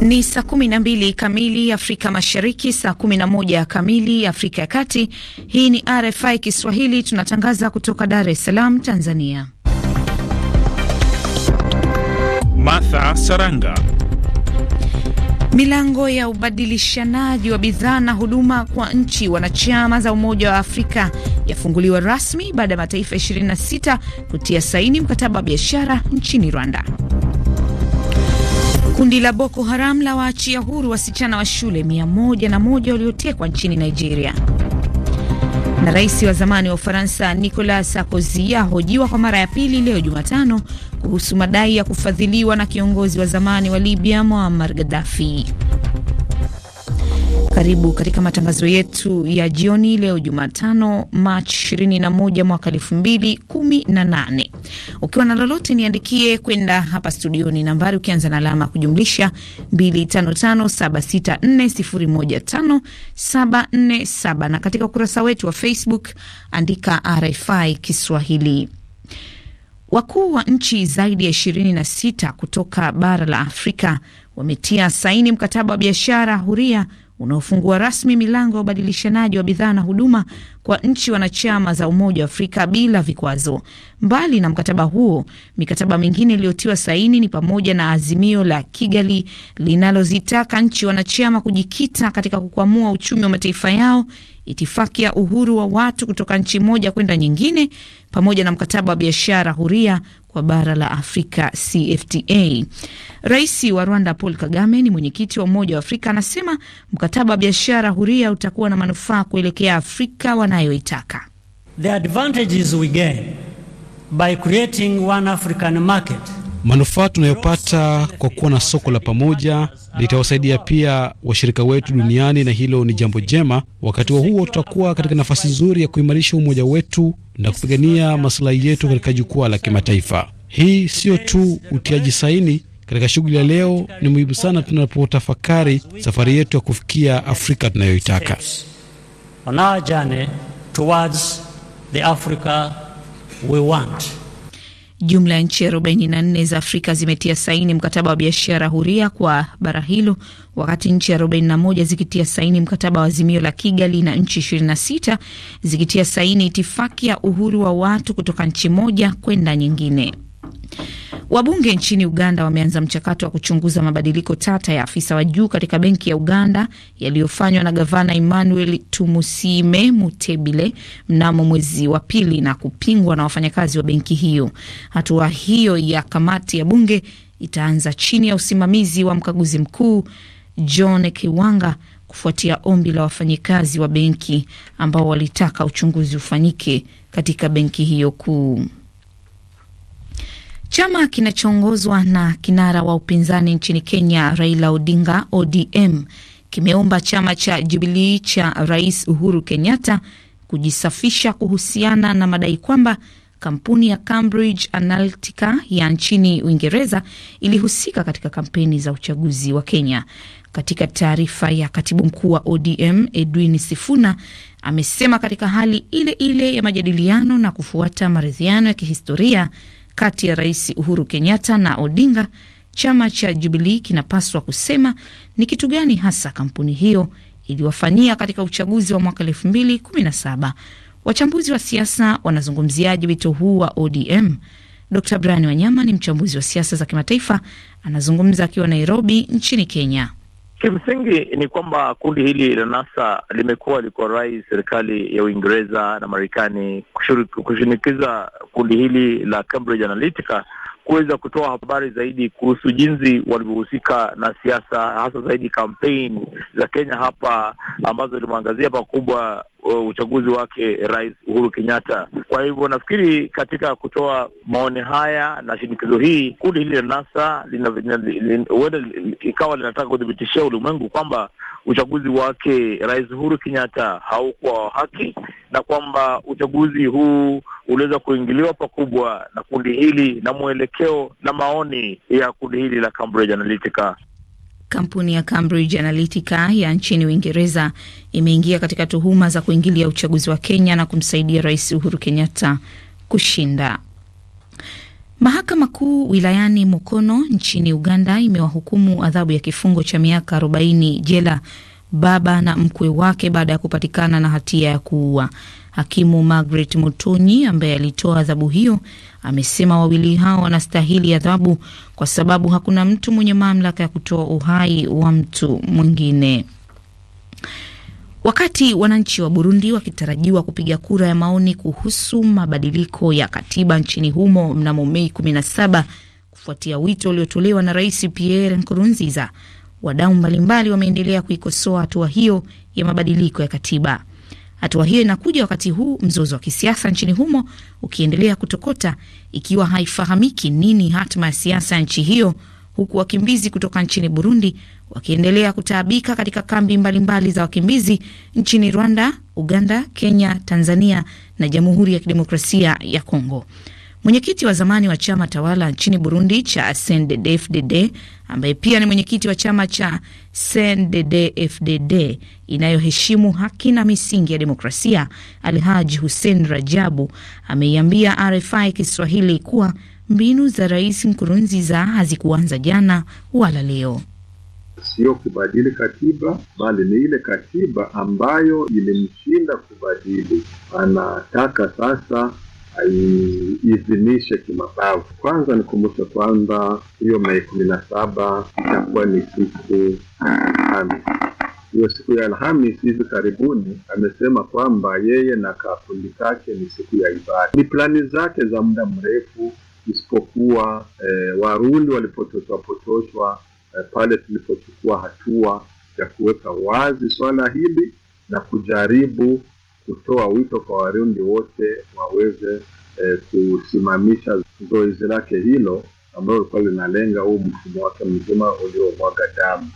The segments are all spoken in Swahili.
Ni saa 12 kamili Afrika Mashariki, saa 11 kamili Afrika ya Kati. Hii ni RFI Kiswahili, tunatangaza kutoka Dar es Salaam, Tanzania. Martha Saranga. Milango ya ubadilishanaji wa bidhaa na huduma kwa nchi wanachama za Umoja wa Afrika yafunguliwa rasmi baada ya mataifa 26 kutia saini mkataba wa biashara nchini Rwanda. Kundi la Boko Haram la waachia huru wasichana wa shule mia moja na moja waliotekwa nchini Nigeria. Na rais wa zamani wa Ufaransa Nicolas Sarkozy ahojiwa kwa mara ya pili leo Jumatano kuhusu madai ya kufadhiliwa na kiongozi wa zamani wa Libya Muammar Gaddafi. Karibu katika matangazo yetu ya jioni leo Jumatano, Machi 21 mwaka 2018. Ukiwa na lolote niandikie kwenda hapa studioni, nambari ukianza na alama kujumlisha 255764015747 na katika ukurasa wetu wa Facebook andika RFI Kiswahili. Wakuu wa nchi zaidi ya 26 kutoka bara la Afrika wametia saini mkataba wa biashara huria unaofungua rasmi milango ya ubadilishanaji wa bidhaa na huduma kwa nchi wanachama za Umoja wa Afrika bila vikwazo. Mbali na mkataba huo, mikataba mingine iliyotiwa saini ni pamoja na azimio la Kigali linalozitaka nchi wanachama kujikita katika kukwamua uchumi wa mataifa yao, itifaki ya uhuru wa watu kutoka nchi moja kwenda nyingine, pamoja na mkataba wa biashara huria kwa bara la Afrika CFTA. Rais wa Rwanda Paul Kagame ni mwenyekiti wa Umoja wa Afrika, anasema mkataba wa biashara huria utakuwa na manufaa kuelekea Afrika wanayoitaka. The advantages we gain by creating one African market manufaa tunayopata kwa kuwa na soko la pamoja litawasaidia pia washirika wetu duniani, na hilo ni jambo jema. Wakati wa huo, tutakuwa katika nafasi nzuri ya kuimarisha umoja wetu na kupigania masilahi yetu katika jukwaa la kimataifa. Hii sio tu utiaji saini katika shughuli ya leo, ni muhimu sana tunapotafakari safari yetu ya kufikia Afrika tunayoitaka. On our journey towards the Africa we want. Jumla ya nchi 44 za Afrika zimetia saini mkataba wa biashara huria kwa bara hilo, wakati nchi 41 zikitia saini mkataba wa azimio la Kigali na nchi 26 zikitia saini itifaki ya uhuru wa watu kutoka nchi moja kwenda nyingine. Wabunge nchini Uganda wameanza mchakato wa kuchunguza mabadiliko tata ya afisa wa juu katika benki ya Uganda yaliyofanywa na gavana Emmanuel Tumusiime Mutebile mnamo mwezi wa pili na kupingwa na wafanyakazi wa benki hiyo. Hatua hiyo ya kamati ya bunge itaanza chini ya usimamizi wa mkaguzi mkuu John Kiwanga kufuatia ombi la wafanyakazi wa benki ambao walitaka uchunguzi ufanyike katika benki hiyo kuu. Chama kinachoongozwa na kinara wa upinzani nchini Kenya, Raila Odinga, ODM, kimeomba chama cha Jubilii cha Rais Uhuru Kenyatta kujisafisha kuhusiana na madai kwamba kampuni ya Cambridge Analytica ya nchini Uingereza ilihusika katika kampeni za uchaguzi wa Kenya. Katika taarifa ya katibu mkuu wa ODM Edwin Sifuna amesema katika hali ile ile ya majadiliano na kufuata maridhiano ya kihistoria kati ya Rais Uhuru Kenyatta na Odinga, chama cha Jubilii kinapaswa kusema ni kitu gani hasa kampuni hiyo iliwafanyia katika uchaguzi wa mwaka saba. Wachambuzi wa siasa wanazungumziaje wito huu wa ODM? Dr Brian Wanyama ni mchambuzi wa siasa za kimataifa, anazungumza akiwa Nairobi nchini Kenya. Kimsingi ni kwamba kundi hili la NASA limekuwa liko rai serikali ya Uingereza na Marekani kushinikiza kundi hili la Cambridge Analytica kuweza kutoa habari zaidi kuhusu jinsi walivyohusika na siasa, hasa zaidi kampeni za Kenya hapa ambazo limeangazia pakubwa e, uchaguzi wake Rais Uhuru Kenyatta. Kwa hivyo nafikiri katika kutoa maoni haya na shinikizo hii, kundi hili la NASA huenda ikawa linataka kuthibitishia ulimwengu kwamba uchaguzi wake Rais Uhuru Kenyatta haukuwa wa haki na kwamba uchaguzi huu uliweza kuingiliwa pakubwa na kundi hili na mwelekeo na maoni ya kundi hili la Cambridge Analytica. Kampuni ya Cambridge Analytica ya nchini Uingereza imeingia katika tuhuma za kuingilia uchaguzi wa Kenya na kumsaidia Rais Uhuru Kenyatta kushinda. Mahakama Kuu wilayani Mukono nchini Uganda imewahukumu adhabu ya kifungo cha miaka 40 jela baba na mkwe wake baada ya kupatikana na hatia ya kuua. Hakimu Margaret Mutonyi ambaye alitoa adhabu hiyo amesema wawili hao wanastahili adhabu kwa sababu hakuna mtu mwenye mamlaka ya kutoa uhai wa mtu mwingine. Wakati wananchi wa Burundi wakitarajiwa kupiga kura ya maoni kuhusu mabadiliko ya katiba nchini humo mnamo Mei 17 kufuatia wito uliotolewa na Rais Pierre Nkurunziza, wadau mbalimbali wameendelea kuikosoa hatua hiyo ya mabadiliko ya katiba. Hatua hiyo inakuja wakati huu mzozo wa kisiasa nchini humo ukiendelea kutokota, ikiwa haifahamiki nini hatma ya siasa ya nchi hiyo huku wakimbizi kutoka nchini Burundi wakiendelea kutaabika katika kambi mbalimbali mbali za wakimbizi nchini Rwanda, Uganda, Kenya, Tanzania na Jamhuri ya Kidemokrasia ya Kongo. Mwenyekiti wa zamani wa chama tawala nchini Burundi cha CNDD-FDD ambaye pia ni mwenyekiti wa chama cha CNDD-FDD inayoheshimu haki na misingi ya demokrasia, Alhaji Hussein Rajabu ameiambia RFI Kiswahili kuwa mbinu za Rais Nkurunziza hazikuanza jana wala leo. Sio kubadili katiba, bali ni ile katiba ambayo ilimshinda kubadili. Anataka sasa aiidhinishe kimabavu. Kwanza nikumbushe kwamba hiyo Mei kumi na saba itakuwa ni siku alhamis Hiyo siku ya alhamis hivi karibuni amesema kwamba yeye na kakundi kake ni siku ya ibada. Ni plani zake za muda mrefu isipokuwa e, eh, Warundi walipotoshwa e, pale tulipochukua hatua ya kuweka wazi swala hili na kujaribu kutoa wito kwa Warundi wote waweze e, kusimamisha zoezi lake hilo ambalo lilikuwa linalenga huu mfumo wake mzima uliomwaga damu.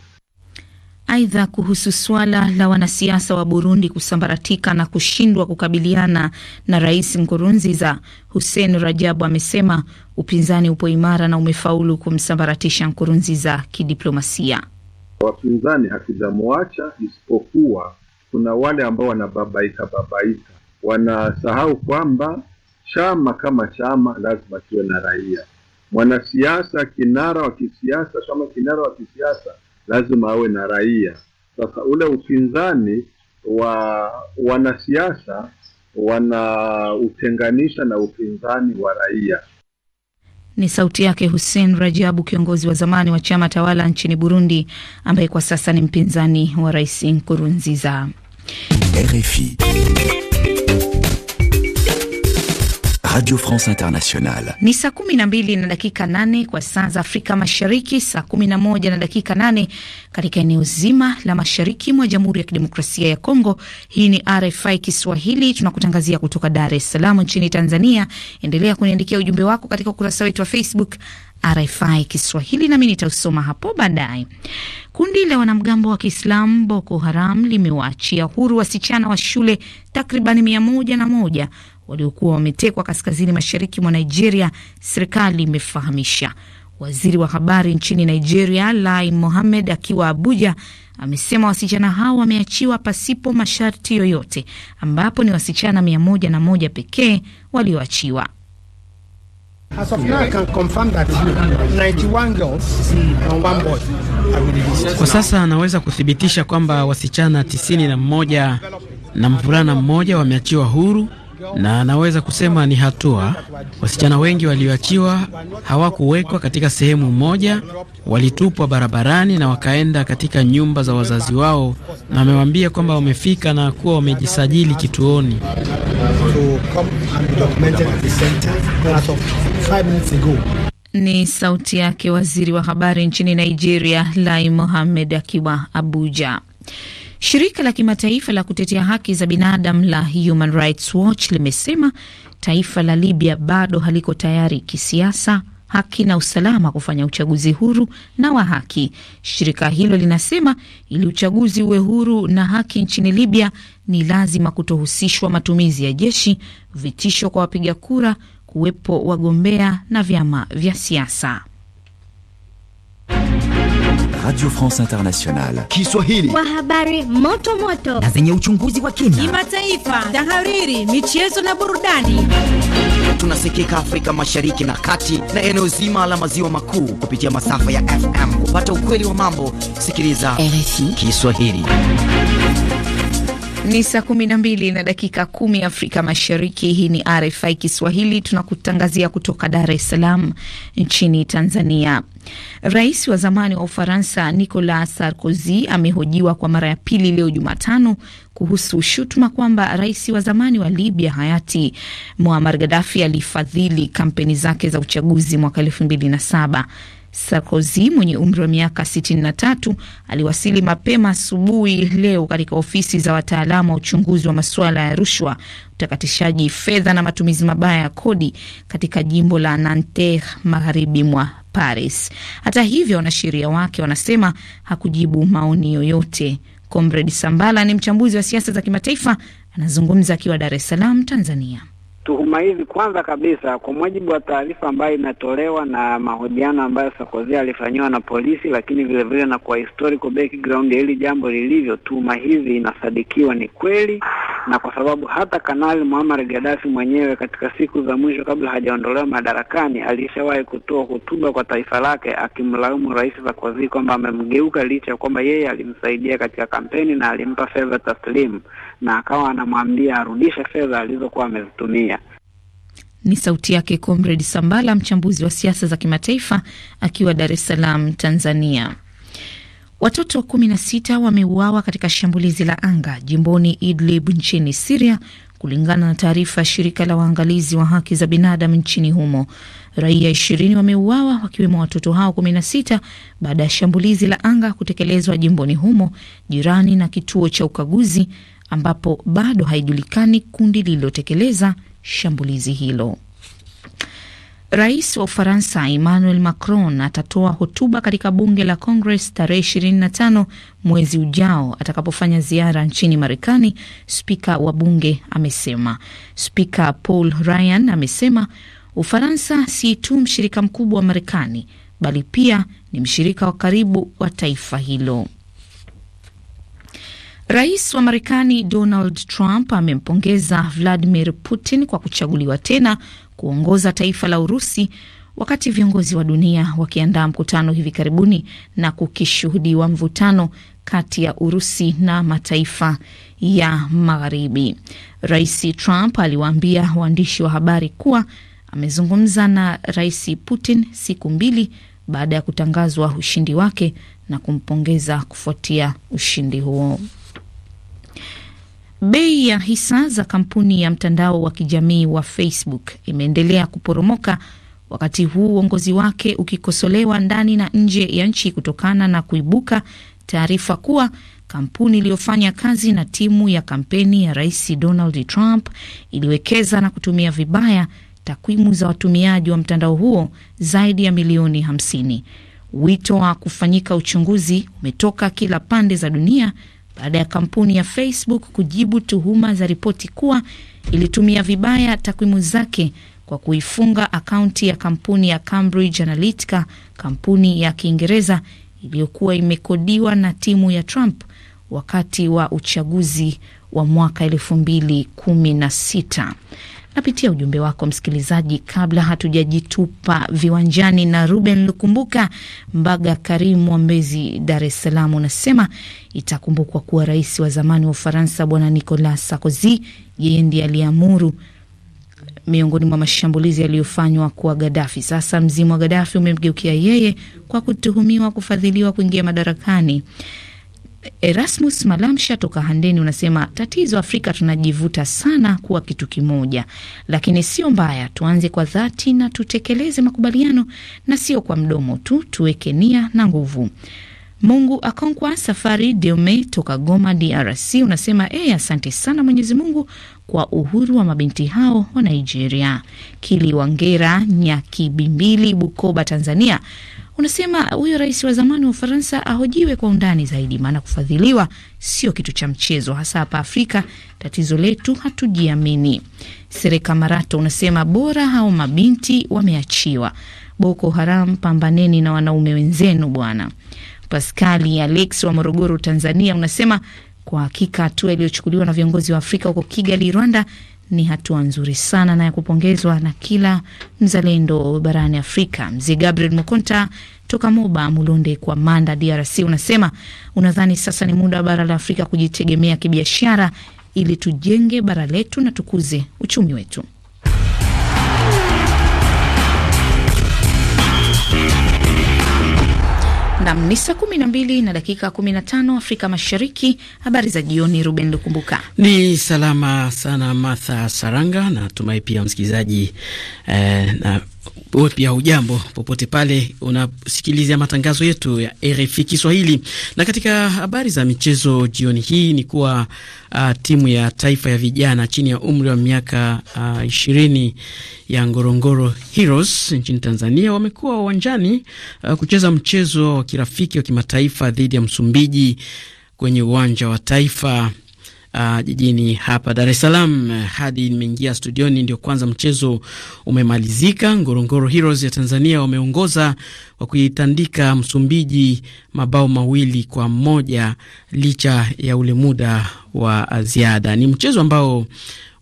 Aidha, kuhusu suala la wanasiasa wa Burundi kusambaratika na kushindwa kukabiliana na Rais Nkurunziza, Hussein Rajabu amesema upinzani upo imara na umefaulu kumsambaratisha Nkurunziza kidiplomasia. Wapinzani hakijamwacha isipokuwa kuna wale ambao wanababaika babaika, wanasahau kwamba chama kama chama lazima kiwe na raia. Mwanasiasa kinara wa kisiasa, chama kinara wa kisiasa lazima awe na raia. Sasa ule upinzani wa wanasiasa wanautenganisha na upinzani wa raia. Ni sauti yake Hussein Rajabu, kiongozi wa zamani wa chama tawala nchini Burundi, ambaye kwa sasa ni mpinzani wa Rais Nkurunziza. RFI. Radio France Internationale. Ni saa 12 na dakika nane kwa saa za Afrika Mashariki, saa 11 na dakika nane katika eneo zima la mashariki mwa Jamhuri ya Kidemokrasia ya Kongo. Hii ni RFI Kiswahili, tunakutangazia kutoka Dar es Salaam nchini Tanzania. Endelea kuniandikia ujumbe wako katika ukurasa wetu wa Facebook RFI Kiswahili nami nitausoma hapo baadaye. Kundi la wanamgambo wa Kiislamu Boko Haram limewaachia huru wasichana wa shule takribani mia moja na moja waliokuwa wametekwa kaskazini mashariki mwa Nigeria, serikali imefahamisha. Waziri wa habari nchini Nigeria, Lai Mohammed, akiwa Abuja, amesema wasichana hao wameachiwa pasipo masharti yoyote, ambapo ni wasichana mia moja na moja pekee walioachiwa. Kwa sasa anaweza kuthibitisha kwamba wasichana tisini na mmoja na mvulana mmoja wameachiwa huru na anaweza kusema ni hatua. Wasichana wengi walioachiwa hawakuwekwa katika sehemu moja, walitupwa barabarani na wakaenda katika nyumba za wazazi wao, na wamewaambia kwamba wamefika na kuwa wamejisajili kituoni. Ni sauti yake waziri wa habari nchini Nigeria, Lai Mohammed akiwa Abuja. Shirika la kimataifa la kutetea haki za binadamu la Human Rights Watch limesema taifa la Libya bado haliko tayari kisiasa, haki na usalama kufanya uchaguzi huru na wa haki. Shirika hilo linasema ili uchaguzi uwe huru na haki nchini Libya ni lazima kutohusishwa matumizi ya jeshi, vitisho kwa wapiga kura, kuwepo wagombea na vyama vya siasa. Radio France Internationale Kiswahili kwa habari moto moto na zenye uchunguzi wa kina, kimataifa, tahariri, michezo na burudani. Tunasikika Afrika Mashariki na Kati na eneo zima la maziwa makuu kupitia masafa ya FM. Kupata ukweli wa mambo, sikiliza RFI Kiswahili. Ni saa kumi na mbili na dakika kumi Afrika Mashariki. Hii ni RFI Kiswahili, tunakutangazia kutoka Dar es Salaam nchini Tanzania. Rais wa zamani wa Ufaransa Nicolas Sarkozy amehojiwa kwa mara ya pili leo Jumatano kuhusu shutuma kwamba rais wa zamani wa Libya hayati Muammar Gaddafi alifadhili kampeni zake za uchaguzi mwaka elfu mbili na saba. Sarkozy mwenye umri wa miaka 63 aliwasili mapema asubuhi leo katika ofisi za wataalamu wa uchunguzi wa masuala ya rushwa, utakatishaji fedha na matumizi mabaya ya kodi katika jimbo la Nanterre magharibi mwa Paris. Hata hivyo, wanasheria wake wanasema hakujibu maoni yoyote. Comrade Sambala ni mchambuzi wa siasa za kimataifa, anazungumza akiwa Dar es Salaam, Tanzania. Tuhuma hizi kwanza kabisa, kwa mujibu wa taarifa ambayo imetolewa na mahojiano ambayo Sarkozy alifanyiwa na polisi, lakini vile vile na kwa historical background ya hili jambo lilivyo, tuhuma hizi inasadikiwa ni kweli, na kwa sababu hata Kanali Muammar Gaddafi mwenyewe katika siku za mwisho kabla hajaondolewa madarakani alishawahi kutoa hotuba kwa taifa lake akimlaumu Rais Sarkozy kwamba amemgeuka, licha ya kwamba yeye alimsaidia katika kampeni na alimpa fedha taslimu na akawa anamwambia arudishe fedha alizokuwa amezitumia. Ni sauti yake Comrade Sambala, mchambuzi wa siasa za kimataifa akiwa Dar es Salaam, Tanzania. Watoto kumi na sita wameuawa katika shambulizi la anga jimboni Idlib nchini Siria, kulingana na taarifa ya shirika la waangalizi wa haki za binadamu nchini humo. Raia ishirini wameuawa wakiwemo watoto hao kumi na sita baada ya shambulizi la anga kutekelezwa jimboni humo, jirani na kituo cha ukaguzi ambapo bado haijulikani kundi lililotekeleza shambulizi hilo. Rais wa Ufaransa Emmanuel Macron atatoa hotuba katika bunge la Congress tarehe 25 mwezi ujao atakapofanya ziara nchini Marekani, spika wa bunge amesema. Spika Paul Ryan amesema Ufaransa si tu mshirika mkubwa wa Marekani bali pia ni mshirika wa karibu wa taifa hilo. Rais wa Marekani Donald Trump amempongeza Vladimir Putin kwa kuchaguliwa tena kuongoza taifa la Urusi wakati viongozi wa dunia wakiandaa mkutano hivi karibuni na kukishuhudiwa mvutano kati ya Urusi na mataifa ya Magharibi. Rais Trump aliwaambia waandishi wa habari kuwa amezungumza na Rais Putin siku mbili baada ya kutangazwa ushindi wake na kumpongeza kufuatia ushindi huo. Bei ya hisa za kampuni ya mtandao wa kijamii wa Facebook imeendelea kuporomoka wakati huu uongozi wake ukikosolewa ndani na nje ya nchi kutokana na kuibuka taarifa kuwa kampuni iliyofanya kazi na timu ya kampeni ya Rais Donald Trump iliwekeza na kutumia vibaya takwimu za watumiaji wa mtandao huo zaidi ya milioni 50. Wito wa kufanyika uchunguzi umetoka kila pande za dunia baada ya kampuni ya Facebook kujibu tuhuma za ripoti kuwa ilitumia vibaya takwimu zake kwa kuifunga akaunti ya kampuni ya Cambridge Analytica, kampuni ya Kiingereza iliyokuwa imekodiwa na timu ya Trump wakati wa uchaguzi wa mwaka 216 Napitia ujumbe wako msikilizaji, kabla hatujajitupa viwanjani na Ruben Lukumbuka Mbaga Karimu wa Mbezi, Dar es Salaam, unasema itakumbukwa kuwa rais wa zamani wa Ufaransa Bwana Nicolas Sarkozy yeye ndiye aliamuru miongoni mwa mashambulizi yaliyofanywa kwa Gadafi. Sasa mzimu wa Gadafi umemgeukia yeye kwa kutuhumiwa kufadhiliwa kuingia madarakani. Erasmus Malamsha toka Handeni unasema tatizo Afrika tunajivuta sana kuwa kitu kimoja, lakini sio mbaya, tuanze kwa dhati na tutekeleze makubaliano na sio kwa mdomo tu, tuweke nia na nguvu. Mungu Akonkwa Safari deome toka Goma, DRC unasema e, asante sana Mwenyezi Mungu kwa uhuru wa mabinti hao wa Nigeria. Kili Wangera Nyakibimbili, Bukoba, Tanzania unasema huyo rais wa zamani wa Ufaransa ahojiwe kwa undani zaidi, maana kufadhiliwa sio kitu cha mchezo, hasa hapa Afrika. Tatizo letu hatujiamini. Sereka Marato unasema bora hao mabinti wameachiwa. Boko Haram, pambaneni na wanaume wenzenu bwana. Paskali Alex wa Morogoro, Tanzania, unasema kwa hakika hatua iliyochukuliwa na viongozi wa Afrika huko Kigali, Rwanda ni hatua nzuri sana na ya kupongezwa na kila mzalendo barani Afrika. Mzee Gabriel Mokonta toka Moba Mulonde kwa Manda, DRC, unasema unadhani sasa ni muda wa bara la Afrika kujitegemea kibiashara ili tujenge bara letu na tukuze uchumi wetu. Nam ni saa kumi na mbili na dakika kumi na tano Afrika Mashariki. Habari za jioni, Ruben Lukumbuka. Ni salama sana, Martha Saranga. Natumai pia msikilizaji eh, na wewe pia hujambo popote pale unasikiliza matangazo yetu ya RFI Kiswahili. Na katika habari za michezo jioni hii ni kuwa uh, timu ya taifa ya vijana chini ya umri wa miaka uh, ishirini ya Ngorongoro Heroes nchini Tanzania wamekuwa uwanjani uh, kucheza mchezo wa kirafiki wa kimataifa dhidi ya Msumbiji kwenye uwanja wa taifa uh, jijini hapa Dar es Salaam. Hadi nimeingia studioni ndio kwanza mchezo umemalizika. Ngorongoro Heroes ya Tanzania wameongoza kwa kuitandika Msumbiji mabao mawili kwa moja licha ya ule muda wa ziada. Ni mchezo ambao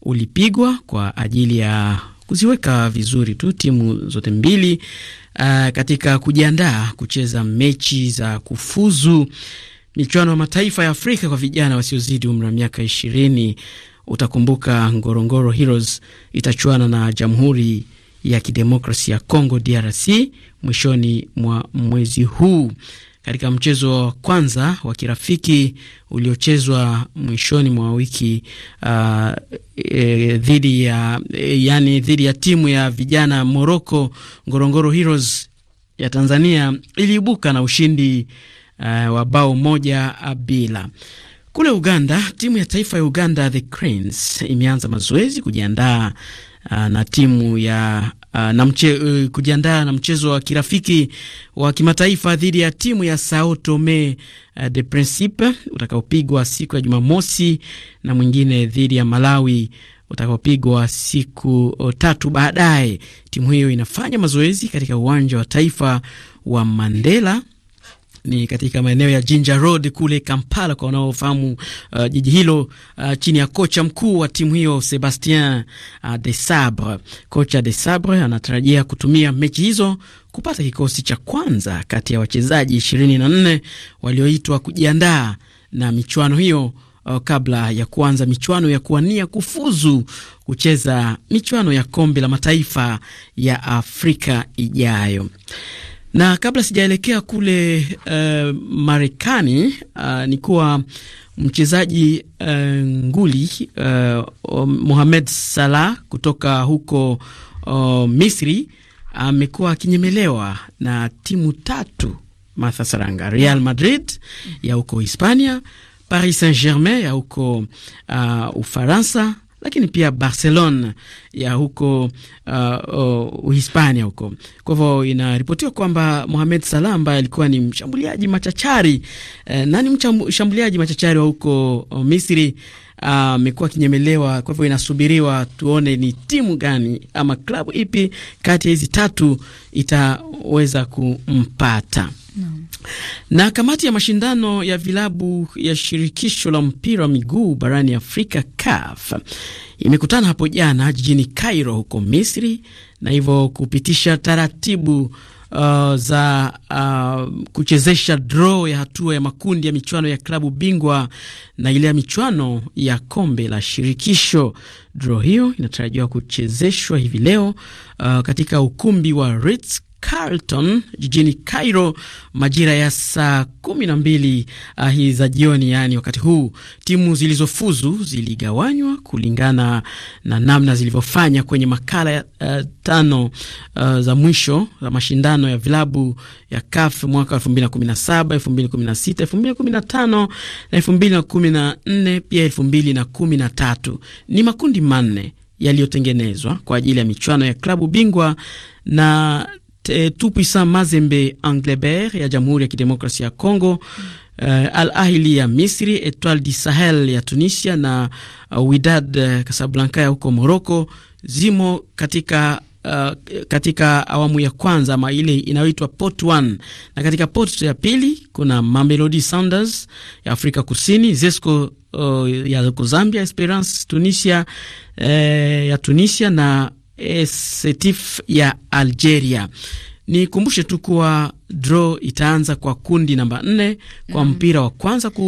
ulipigwa kwa ajili ya kuziweka vizuri tu timu zote mbili uh, katika kujiandaa kucheza mechi za kufuzu Michuano ya mataifa ya Afrika kwa vijana wasiozidi umri wa miaka ishirini. Utakumbuka Ngorongoro Heroes itachuana na Jamhuri ya Kidemokrasi ya Congo, DRC, mwishoni mwa mwezi huu. Katika mchezo wa kwanza wa kirafiki uliochezwa mwishoni mwa wiki uh, e, dhidi ya e, yani dhidi ya timu ya vijana Morocco, Ngorongoro Heroes ya Tanzania iliibuka na ushindi uh, wa bao moja eh, bila. Kule Uganda, timu ya taifa ya Uganda the Cranes imeanza mazoezi kujiandaa uh, na timu ya uh, na mche, uh, kujiandaa na mchezo wa kirafiki wa kimataifa dhidi ya timu ya Sao Tome uh, de Principe utakaopigwa siku ya Jumamosi na mwingine dhidi ya Malawi utakaopigwa siku tatu baadaye. Timu hiyo inafanya mazoezi katika uwanja wa taifa wa Mandela ni katika maeneo ya Jinja Road kule Kampala, kwa wanaofahamu uh, jiji hilo uh, chini ya kocha mkuu wa timu hiyo Sebastien uh, de Sabre. Kocha de Sabre anatarajia kutumia mechi hizo kupata kikosi cha kwanza kati ya wachezaji 24 walioitwa kujiandaa na michuano hiyo uh, kabla ya kuanza michuano ya kuwania kufuzu kucheza michuano ya kombe la mataifa ya Afrika ijayo. Na kabla sijaelekea kule uh, Marekani uh, ni kuwa mchezaji uh, nguli uh, Mohamed Salah kutoka huko uh, Misri amekuwa uh, akinyemelewa na timu tatu Martha Saranga: Real Madrid ya huko Hispania, Paris Saint-Germain ya huko uh, Ufaransa lakini pia Barcelona ya huko uh, oh, Uhispania uh, huko. Kwa hivyo inaripotiwa kwamba Mohamed Salah ambaye alikuwa ni mshambuliaji machachari eh, na ni mshambuliaji machachari wa huko uh, Misri amekuwa uh, akinyemelewa. Kwa hivyo inasubiriwa tuone ni timu gani ama klabu ipi kati ya hizi tatu itaweza kumpata. Na kamati ya mashindano ya vilabu ya shirikisho la mpira wa miguu barani Afrika CAF imekutana hapo jana jijini Cairo huko Misri, na hivyo kupitisha taratibu Uh, za uh, kuchezesha draw ya hatua ya makundi ya michuano ya klabu bingwa na ile ya michuano ya kombe la shirikisho. Draw hiyo inatarajiwa kuchezeshwa hivi leo uh, katika ukumbi wa Ritz Carlton jijini Cairo majira ya saa kumi na mbili uh, za jioni, Yani wakati huu. Timu zilizofuzu ziligawanywa kulingana na namna zilivyofanya kwenye makala uh, tano uh, za mwisho za mashindano ya vilabu ya CAF mwaka 2017, 2016, 2015 na 2014 pia 2013. Ni makundi manne yaliyotengenezwa kwa ajili ya michuano ya klabu bingwa na eh, Tout-Puissant Mazembe Anglebert ya Jamhuri ya Kidemokrasia ya Kongo Uh, Al Ahili ya Misri, Etoile du Sahel ya Tunisia na uh, Widad uh, Casablanca ya huko Morocco zimo katika uh, katika awamu ya kwanza ama ile inayoitwa pot 1, na katika pot ya pili kuna Mamelodi Sanders ya Afrika Kusini, Zesco uh, ya huko Zambia, Esperance Tunisia uh, ya Tunisia na e, Setif ya Algeria. Nikumbushe tu kuwa draw itaanza kwa kundi namba nne kwa mm -hmm. mpira wa kwanza ku,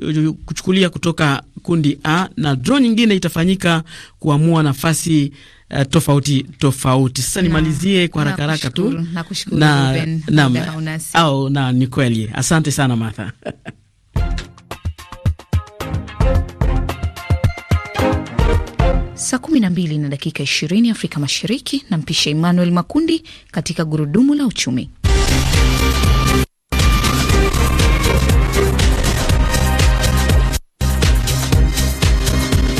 eh, kuchukulia kutoka kundi A na draw nyingine itafanyika kuamua nafasi uh, tofauti tofauti. Sasa nimalizie kwa haraka haraka tu na, na, na, na, na, na ni kweli. Asante sana Martha. Saa 12 na dakika 20 Afrika Mashariki, na mpisha Emmanuel Makundi katika gurudumu la uchumi.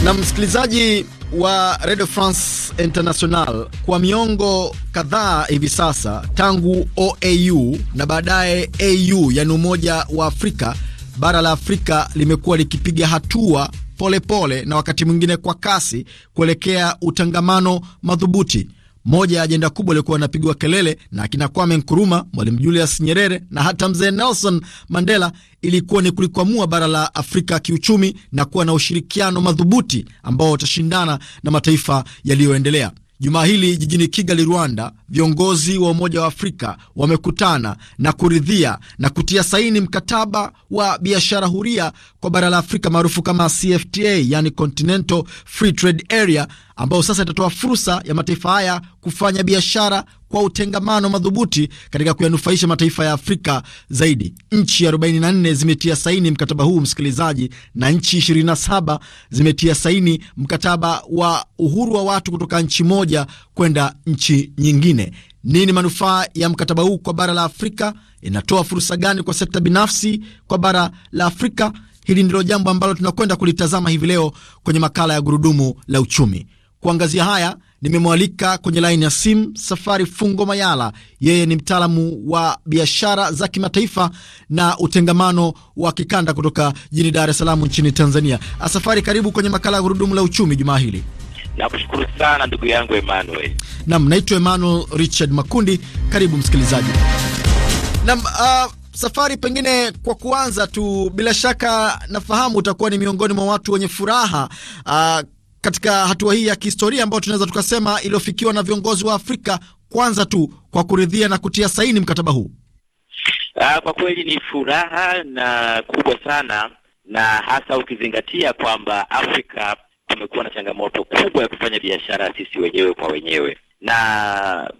Na msikilizaji wa Radio France International, kwa miongo kadhaa hivi sasa tangu OAU na baadaye AU, yani Umoja wa Afrika, bara la Afrika limekuwa likipiga hatua polepole pole, na wakati mwingine kwa kasi kuelekea utangamano madhubuti. Moja ya ajenda kubwa iliyokuwa inapigwa kelele na akina Kwame Nkuruma, Mwalimu Julius Nyerere na hata mzee Nelson Mandela ilikuwa ni kulikwamua bara la Afrika kiuchumi na kuwa na ushirikiano madhubuti ambao utashindana na mataifa yaliyoendelea. Jumaa hili jijini Kigali, Rwanda, viongozi wa Umoja wa Afrika wamekutana na kuridhia na kutia saini mkataba wa biashara huria kwa bara la Afrika maarufu kama CFTA, yani Continental Free Trade Area, ambayo sasa itatoa fursa ya mataifa haya kufanya biashara kwa utengamano madhubuti katika kuyanufaisha mataifa ya Afrika zaidi. Nchi 44 zimetia saini mkataba huu, msikilizaji, na nchi 27 zimetia saini mkataba wa uhuru wa watu kutoka nchi moja kwenda nchi nyingine. Nini manufaa ya mkataba huu kwa bara la Afrika? Inatoa fursa gani kwa sekta binafsi kwa bara la Afrika? Hili ndilo jambo ambalo tunakwenda kulitazama hivi leo kwenye makala ya Gurudumu la Uchumi. Kuangazia haya nimemwalika kwenye laini ya simu Safari Fungo Mayala. Yeye ni mtaalamu wa biashara za kimataifa na utengamano wa kikanda kutoka jijini Dar es Salaam nchini Tanzania. Ah, Safari, karibu kwenye makala ya gurudumu la uchumi jumaa hili. Nakushukuru sana ndugu yangu Emmanuel. Naam, naitwa Emmanuel Richard Makundi. Karibu msikilizaji. Naam, uh, Safari, pengine kwa kuanza tu, bila shaka nafahamu utakuwa ni miongoni mwa watu wenye furaha uh, katika hatua hii ya kihistoria ambayo tunaweza tukasema iliyofikiwa na viongozi wa Afrika kwanza tu kwa kuridhia na kutia saini mkataba huu? Aa, ah, kwa kweli ni furaha na kubwa sana, na hasa ukizingatia kwamba Afrika kumekuwa na changamoto kubwa ya kufanya biashara sisi wenyewe kwa wenyewe, na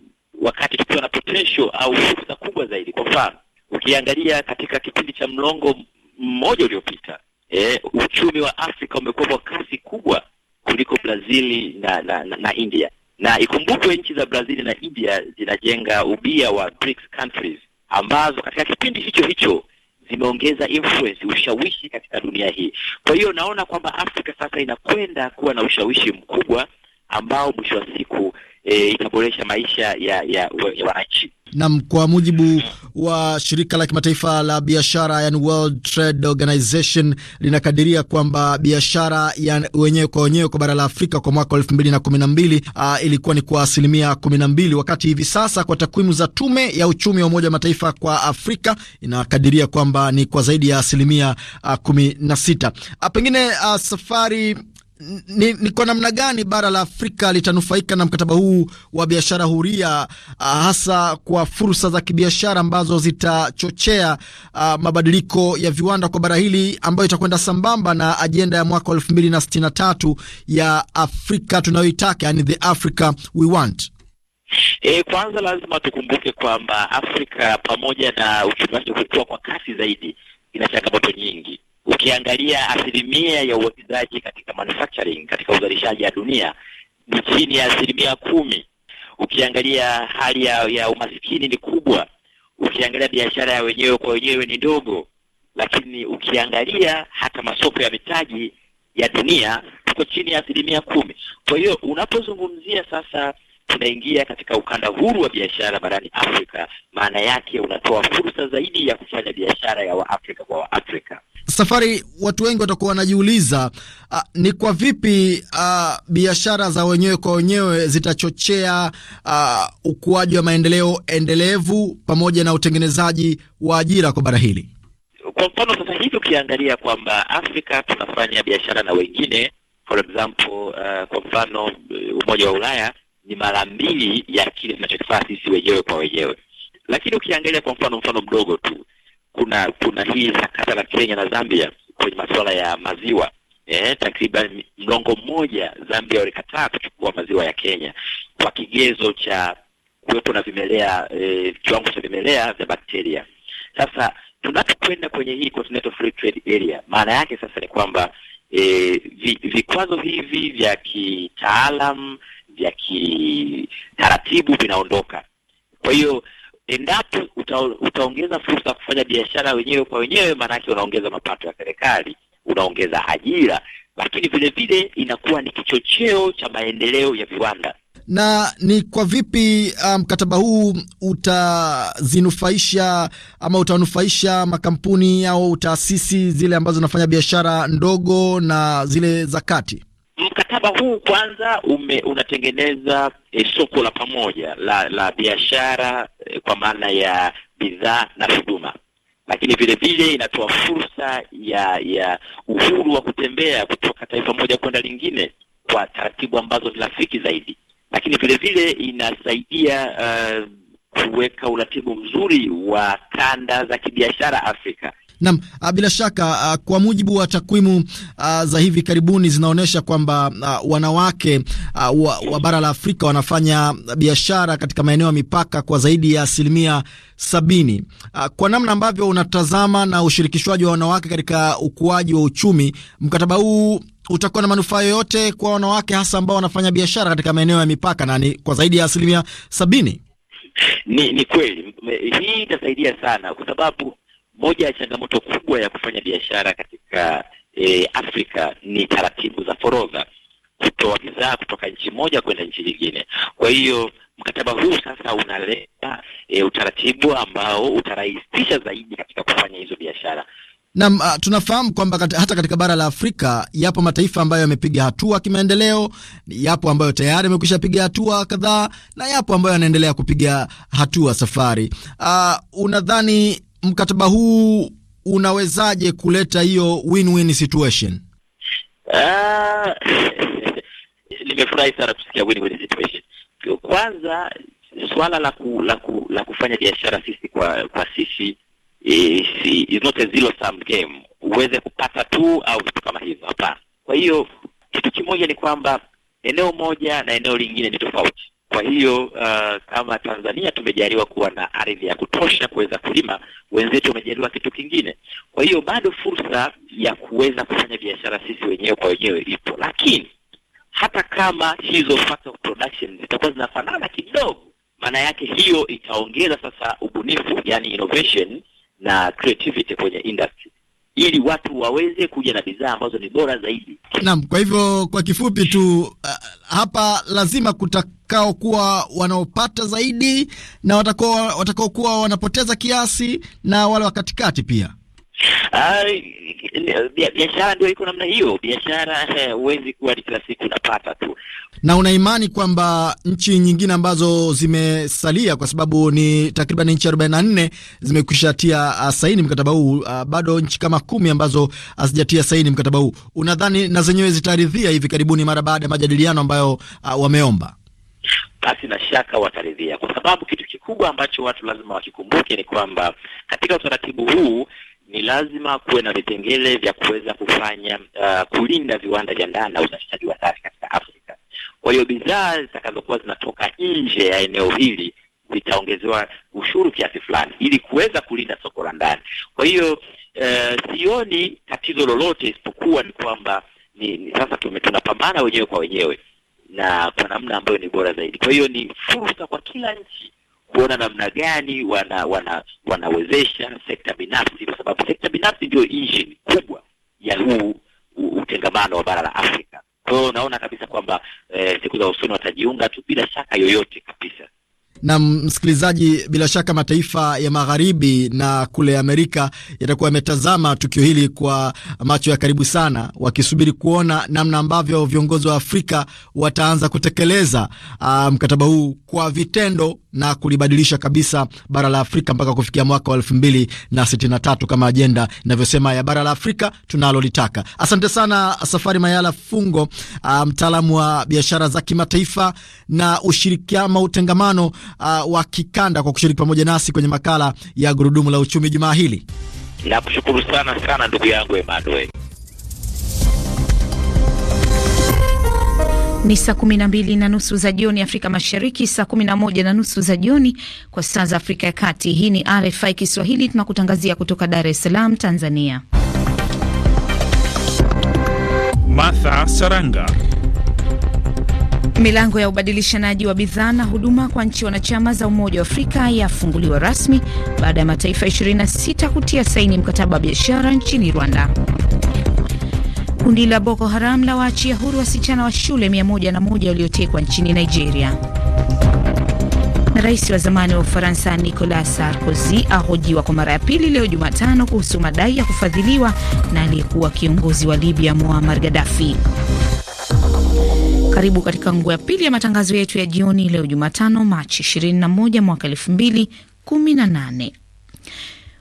wakati tukiwa na potential au fursa kubwa zaidi. Kwa mfano, ukiangalia katika kipindi cha mlongo mmoja uliopita, eh, uchumi wa Afrika umekuwa kwa kasi kubwa kuliko brazili na, na, na, na India. Na ikumbukwe nchi za brazili na India zinajenga ubia wa BRICS countries ambazo katika kipindi hicho hicho zimeongeza influence, ushawishi katika dunia hii. Kwa hiyo naona kwamba Afrika sasa inakwenda kuwa na ushawishi mkubwa ambao mwisho wa siku e, maisha ya, ya, ya wananchi. Naam, kwa mujibu wa shirika la kimataifa la biashara yani World Trade Organization linakadiria kwamba biashara ya wenyewe kwa wenyewe kwa bara la Afrika kwa mwaka elfu mbili na kumi na mbili uh, ilikuwa ni kwa asilimia kumi na mbili wakati hivi sasa kwa takwimu za tume ya uchumi wa Umoja wa Mataifa kwa Afrika inakadiria kwamba ni kwa zaidi ya asilimia kumi na sita. Pengine uh, safari ni, ni kwa namna gani bara la Afrika litanufaika na mkataba huu wa biashara huria, ah, hasa kwa fursa za kibiashara ambazo zitachochea uh, mabadiliko ya viwanda kwa bara hili ambayo itakwenda sambamba na ajenda ya mwaka elfu mbili na sitini na tatu ya Afrika tunayoitaka, yani the Africa we want? E, kwanza lazima tukumbuke kwamba Afrika pamoja na uchumi wake kukua kwa kasi zaidi ina changamoto nyingi Ukiangalia asilimia ya uwekezaji katika manufacturing, katika uzalishaji ya dunia ni chini ya asilimia kumi. Ukiangalia hali ya, ya umasikini ni kubwa. Ukiangalia biashara ya wenyewe kwa wenyewe ni ndogo, lakini ukiangalia hata masoko ya mitaji ya dunia tuko chini ya asilimia kumi. Kwa hiyo unapozungumzia sasa tunaingia katika ukanda huru wa biashara barani Afrika. Maana yake unatoa fursa zaidi ya kufanya biashara ya Waafrika kwa Waafrika. Safari watu wengi watakuwa wanajiuliza uh, ni kwa vipi uh, biashara za wenyewe kwa wenyewe zitachochea uh, ukuaji wa maendeleo endelevu pamoja na utengenezaji wa ajira kwa bara hili. Kwa mfano sasa hivi ukiangalia kwamba Afrika tunafanya biashara na wengine for example, uh, kwa mfano eh, Umoja wa Ulaya ni mara mbili ya kile tunachokifanya sisi wenyewe kwa wenyewe. Lakini ukiangalia kwa mfano, mfano mdogo tu, kuna kuna hii sakata la Kenya na Zambia kwenye masuala ya maziwa eh, takriban mlongo mmoja Zambia walikataa kuchukua maziwa ya Kenya kwa kigezo cha kuwepo na vimelea eh, kiwango cha vimelea vya bakteria. Sasa tunapokwenda kwenye hii Continental Free Trade Area, maana yake sasa ni kwamba eh, vikwazo vi hivi vya kitaalam vya kitaratibu vinaondoka. Kwa hiyo endapo uta, utaongeza fursa ya kufanya biashara wenyewe kwa wenyewe, maanake unaongeza mapato ya serikali, unaongeza ajira, lakini vile vile inakuwa ni kichocheo cha maendeleo ya viwanda. Na ni kwa vipi uh, mkataba um, huu utazinufaisha ama utanufaisha makampuni au taasisi zile ambazo zinafanya biashara ndogo na zile za kati? Mkataba huu kwanza ume, unatengeneza e, soko la pamoja la la biashara e, kwa maana ya bidhaa na huduma, lakini vile vile inatoa fursa ya ya uhuru wa kutembea kutoka taifa moja kwenda lingine kwa taratibu ambazo ni rafiki zaidi, lakini vile vile inasaidia uh, kuweka uratibu mzuri wa kanda za kibiashara Afrika Naam, ah, bila shaka ah, kwa mujibu wa takwimu ah, za hivi karibuni zinaonyesha kwamba wanawake wa, wa bara la Afrika wanafanya biashara katika maeneo ya mipaka kwa zaidi ya asilimia sabini. Kwa namna ambavyo unatazama na ushirikishwaji wa wanawake katika ukuaji wa uchumi, mkataba huu utakuwa na manufaa yoyote kwa wanawake hasa ambao wanafanya biashara katika maeneo ya mipaka na ni kwa zaidi ya asilimia sabini? Ni, ni kweli hii itasaidia sana kwa sababu moja ya changamoto kubwa ya kufanya biashara katika e, Afrika ni taratibu za forodha, kutoa bidhaa kutoka nchi moja kwenda nchi nyingine. Kwa hiyo mkataba huu sasa unaleta e, utaratibu ambao utarahisisha zaidi katika kufanya hizo biashara. Naam, ah, tunafahamu kwamba kat, hata katika bara la Afrika yapo mataifa ambayo yamepiga hatua kimaendeleo, yapo ambayo tayari yamekwisha piga hatua kadhaa, na yapo ambayo yanaendelea kupiga hatua safari. Uh, unadhani mkataba huu unawezaje kuleta hiyo win-win situation? Ah, nimefurahi sana kusikia win-win situation. Kwanza swala la ku, la, ku, la kufanya biashara sisi kwa kwa sisi eh, is, is not a zero sum game, uweze kupata tu au vitu kama hivyo, hapana. Kwa hiyo kitu kimoja ni kwamba eneo moja na eneo lingine ni tofauti. Kwa hiyo uh, kama Tanzania tumejaliwa kuwa na ardhi ya kutosha kuweza kulima, wenzetu wamejaliwa kitu kingine. Kwa hiyo bado fursa ya kuweza kufanya biashara sisi wenyewe kwa wenyewe ipo, lakini hata kama hizo factor of production zitakuwa zinafanana kidogo, maana yake hiyo itaongeza sasa ubunifu, yani innovation na creativity kwenye industry ili watu waweze kuja na bidhaa ambazo ni bora zaidi. Naam, kwa hivyo kwa kifupi tu uh, hapa lazima kutakao kuwa wanaopata zaidi na watakao watakao kuwa wanapoteza kiasi na wale wa katikati pia. Ah, biashara ndio iko namna hiyo. Biashara eh, huwezi kuwa ni kila siku unapata tu. Na una imani kwamba nchi nyingine ambazo zimesalia, kwa sababu ni takriban nchi arobaini na nne tia ah, saini mkataba huu, ah, bado nchi kama kumi ambazo hazijatia saini mkataba huu, unadhani na zenyewe zitaridhia hivi karibuni, mara baada ya majadiliano ambayo a, wameomba? Basi na shaka wataridhia, kwa sababu kitu kikubwa ambacho watu lazima wakikumbuke ni kwamba katika utaratibu huu ni lazima kuwe na vipengele vya kuweza kufanya uh, kulinda viwanda vya ndani na uzalishaji wa ndani katika Afrika. Kwa hiyo bidhaa zitakazokuwa zinatoka nje ya eneo hili zitaongezewa ushuru kiasi fulani ili kuweza kulinda soko la ndani. Kwa hiyo uh, sioni tatizo lolote isipokuwa ni kwamba ni, ni sasa tunapambana wenyewe kwa wenyewe na kwa namna ambayo ni bora zaidi. Kwa hiyo ni fursa kwa kila nchi kuona namna gani wana, wana, wanawezesha sekta binafsi, kwa sababu sekta binafsi ndio injini kubwa ya huu utengamano wa bara la Afrika. Kwa hiyo unaona kabisa kwamba eh, siku za usoni watajiunga tu bila shaka yoyote kabisa. Na msikilizaji, bila shaka mataifa ya magharibi na kule Amerika yatakuwa yametazama tukio hili kwa macho ya karibu sana, wakisubiri kuona namna ambavyo viongozi wa Afrika wataanza kutekeleza ah, mkataba um, huu kwa vitendo na kulibadilisha kabisa bara la Afrika mpaka kufikia mwaka wa elfu mbili na sitini na tatu kama ajenda inavyosema ya bara la Afrika tunalolitaka. Asante sana Safari Mayala Fungo, ah, mtaalamu um, wa biashara za kimataifa na ushirikiano, utengamano uh, wa kikanda kwa kushiriki pamoja nasi kwenye makala ya gurudumu la uchumi jumaa hili. Nakushukuru sana sana ndugu yangu Emmanuel. Ni saa kumi na mbili na nusu za jioni Afrika Mashariki, saa kumi na moja na nusu za jioni kwa saa za Afrika ya Kati. Hii ni RFI Kiswahili, tunakutangazia kutoka Dar es Salaam, Tanzania. Martha Saranga. Milango ya ubadilishanaji wa bidhaa na huduma kwa nchi wanachama za Umoja wa Afrika yafunguliwa rasmi baada ya mataifa 26 kutia saini mkataba wa biashara nchini Rwanda. Kundi la Boko Haram la waachia huru wasichana wa shule 101 waliotekwa nchini Nigeria. Na rais wa zamani wa Ufaransa Nicolas Sarkozy ahojiwa kwa mara ya pili leo Jumatano kuhusu madai ya kufadhiliwa na aliyekuwa kiongozi wa Libya Muammar Gaddafi. Karibu katika nguo ya pili ya matangazo yetu ya jioni leo Jumatano, Machi 21 mwaka 2018.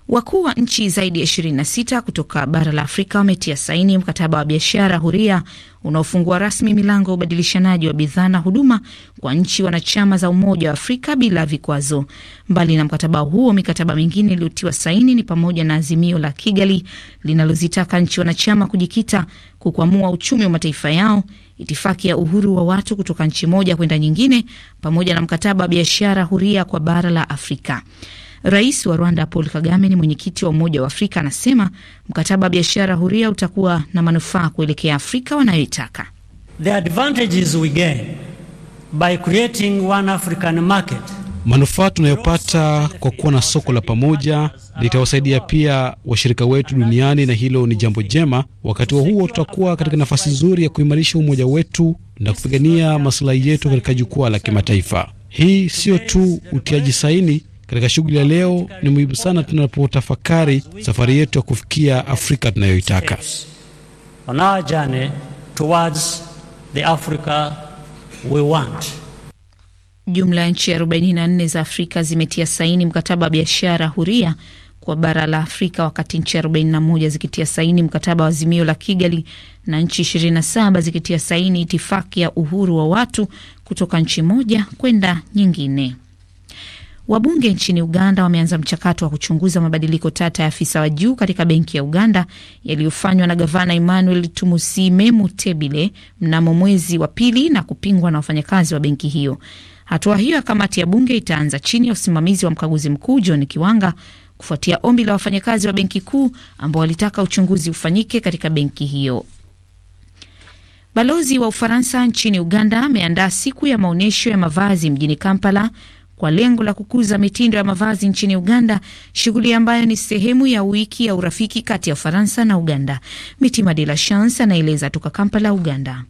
Wakuu wa nchi zaidi ya 26 kutoka bara la Afrika wametia saini mkataba wa biashara huria unaofungua rasmi milango ya ubadilishanaji wa bidhaa na huduma kwa nchi wanachama za Umoja wa Afrika bila vikwazo. Mbali na mkataba huo, mikataba mingine iliyotiwa saini ni pamoja na azimio la Kigali linalozitaka nchi wanachama kujikita kukwamua uchumi wa mataifa yao itifaki ya uhuru wa watu kutoka nchi moja kwenda nyingine, pamoja na mkataba wa biashara huria kwa bara la Afrika. Rais wa Rwanda Paul Kagame ni mwenyekiti wa Umoja wa Afrika, anasema mkataba wa biashara huria utakuwa na manufaa kuelekea Afrika wanayoitaka. The advantages we gain by creating one African market Manufaa tunayopata kwa kuwa na soko la pamoja litawasaidia pia washirika wetu duniani, na hilo ni jambo jema. Wakati wa huo tutakuwa katika nafasi nzuri ya kuimarisha umoja wetu na kupigania masilahi yetu katika jukwaa la kimataifa. Hii sio tu utiaji saini katika shughuli ya leo, ni muhimu sana tunapotafakari safari yetu ya kufikia Afrika tunayoitaka. On our journey towards the Africa we want. Jumla ya nchi 44 za Afrika zimetia saini mkataba wa biashara huria kwa bara la Afrika, wakati nchi 41 zikitia saini mkataba wa azimio la Kigali na nchi 27 zikitia saini itifaki ya uhuru wa watu kutoka nchi moja kwenda nyingine. Wabunge nchini Uganda wameanza mchakato wa kuchunguza mabadiliko tata ya afisa wa juu katika benki ya Uganda yaliyofanywa na gavana Emmanuel Tumusiime Mutebile mnamo mwezi wa pili na kupingwa na wafanyakazi wa benki hiyo. Hatua hiyo ya kamati ya bunge itaanza chini ya usimamizi wa mkaguzi mkuu John Kiwanga kufuatia ombi la wafanyakazi wa benki kuu ambao walitaka uchunguzi ufanyike katika benki hiyo. Balozi wa Ufaransa nchini Uganda ameandaa siku ya maonyesho ya mavazi mjini Kampala kwa lengo la kukuza mitindo ya mavazi nchini Uganda, shughuli ambayo ni sehemu ya wiki ya urafiki kati ya Ufaransa na Uganda. Mitima de la Chance anaeleza toka Kampala, Uganda.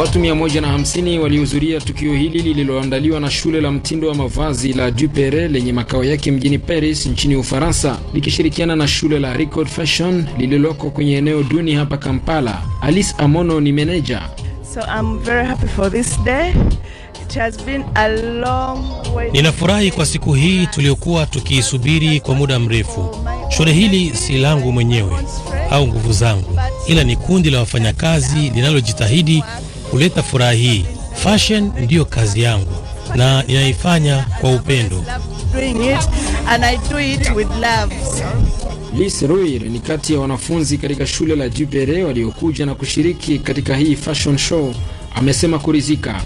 Watu 150 walihudhuria tukio hili lililoandaliwa na shule la mtindo wa mavazi la Dupere lenye makao yake mjini Paris nchini Ufaransa likishirikiana na shule la Record Fashion lililoko kwenye eneo duni hapa Kampala. Alice Amono ni meneja. So I'm very happy for this day. It has been a long way. Ninafurahi kwa siku hii tuliyokuwa tukiisubiri kwa muda mrefu. Shule hili si langu mwenyewe au nguvu zangu, ila ni kundi la wafanyakazi linalojitahidi kuleta furaha hii. Fashion ndiyo kazi yangu na ninaifanya kwa upendo. Lis Ruir ni kati ya wanafunzi katika shule la Jupere waliokuja na kushiriki katika hii fashion show. Amesema kurizika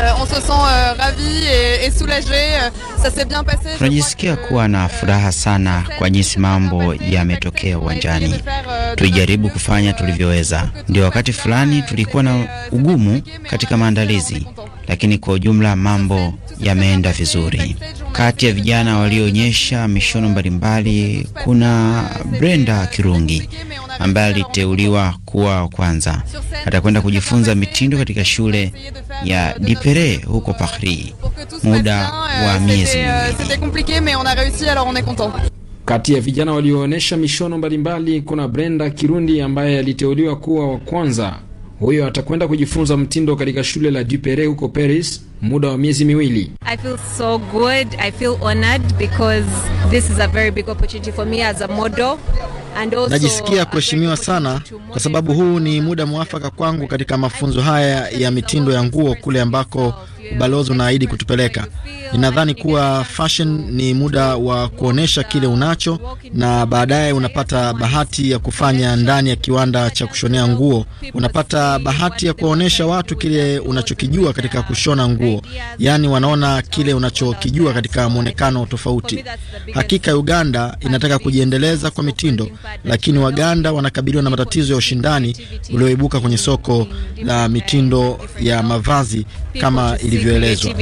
Euh, on se sent euh, ravi et, et soulagé. Ça s'est bien passé. Tunajisikia kuwa na furaha sana kwa jinsi mambo yametokea uwanjani. Tulijaribu kufanya tulivyoweza. Ndio wakati fulani tulikuwa na ugumu katika maandalizi, lakini kwa ujumla mambo yameenda vizuri. Kati ya vijana walioonyesha mishono mbalimbali kuna Brenda Kirungi ambaye aliteuliwa kuwa wa kwanza. Atakwenda kujifunza mitindo katika shule ya Dipere huko Paris muda wa miezi miwili. Kati ya vijana walioonyesha mishono mbalimbali kuna Brenda Kirundi ambaye aliteuliwa kuwa wa kwanza huyo atakwenda kujifunza mtindo katika shule la Dupere huko Paris muda wa miezi miwili. I feel so good. I feel honored because this is a very big opportunity for me as a model. And also, najisikia kuheshimiwa sana kwa sababu huu ni muda mwafaka kwangu katika mafunzo haya ya mitindo ya nguo kule ambako balozi unaahidi kutupeleka. Ninadhani kuwa fashion ni muda wa kuonyesha kile unacho, na baadaye unapata bahati ya kufanya ndani ya kiwanda cha kushonea nguo, unapata bahati ya kuwaonyesha watu kile unachokijua katika kushona nguo, yaani wanaona kile unachokijua katika mwonekano tofauti. Hakika Uganda inataka kujiendeleza kwa mitindo, lakini Waganda wanakabiliwa na matatizo ya ushindani ulioibuka kwenye soko la mitindo ya mavazi kama ilivyoelezwa.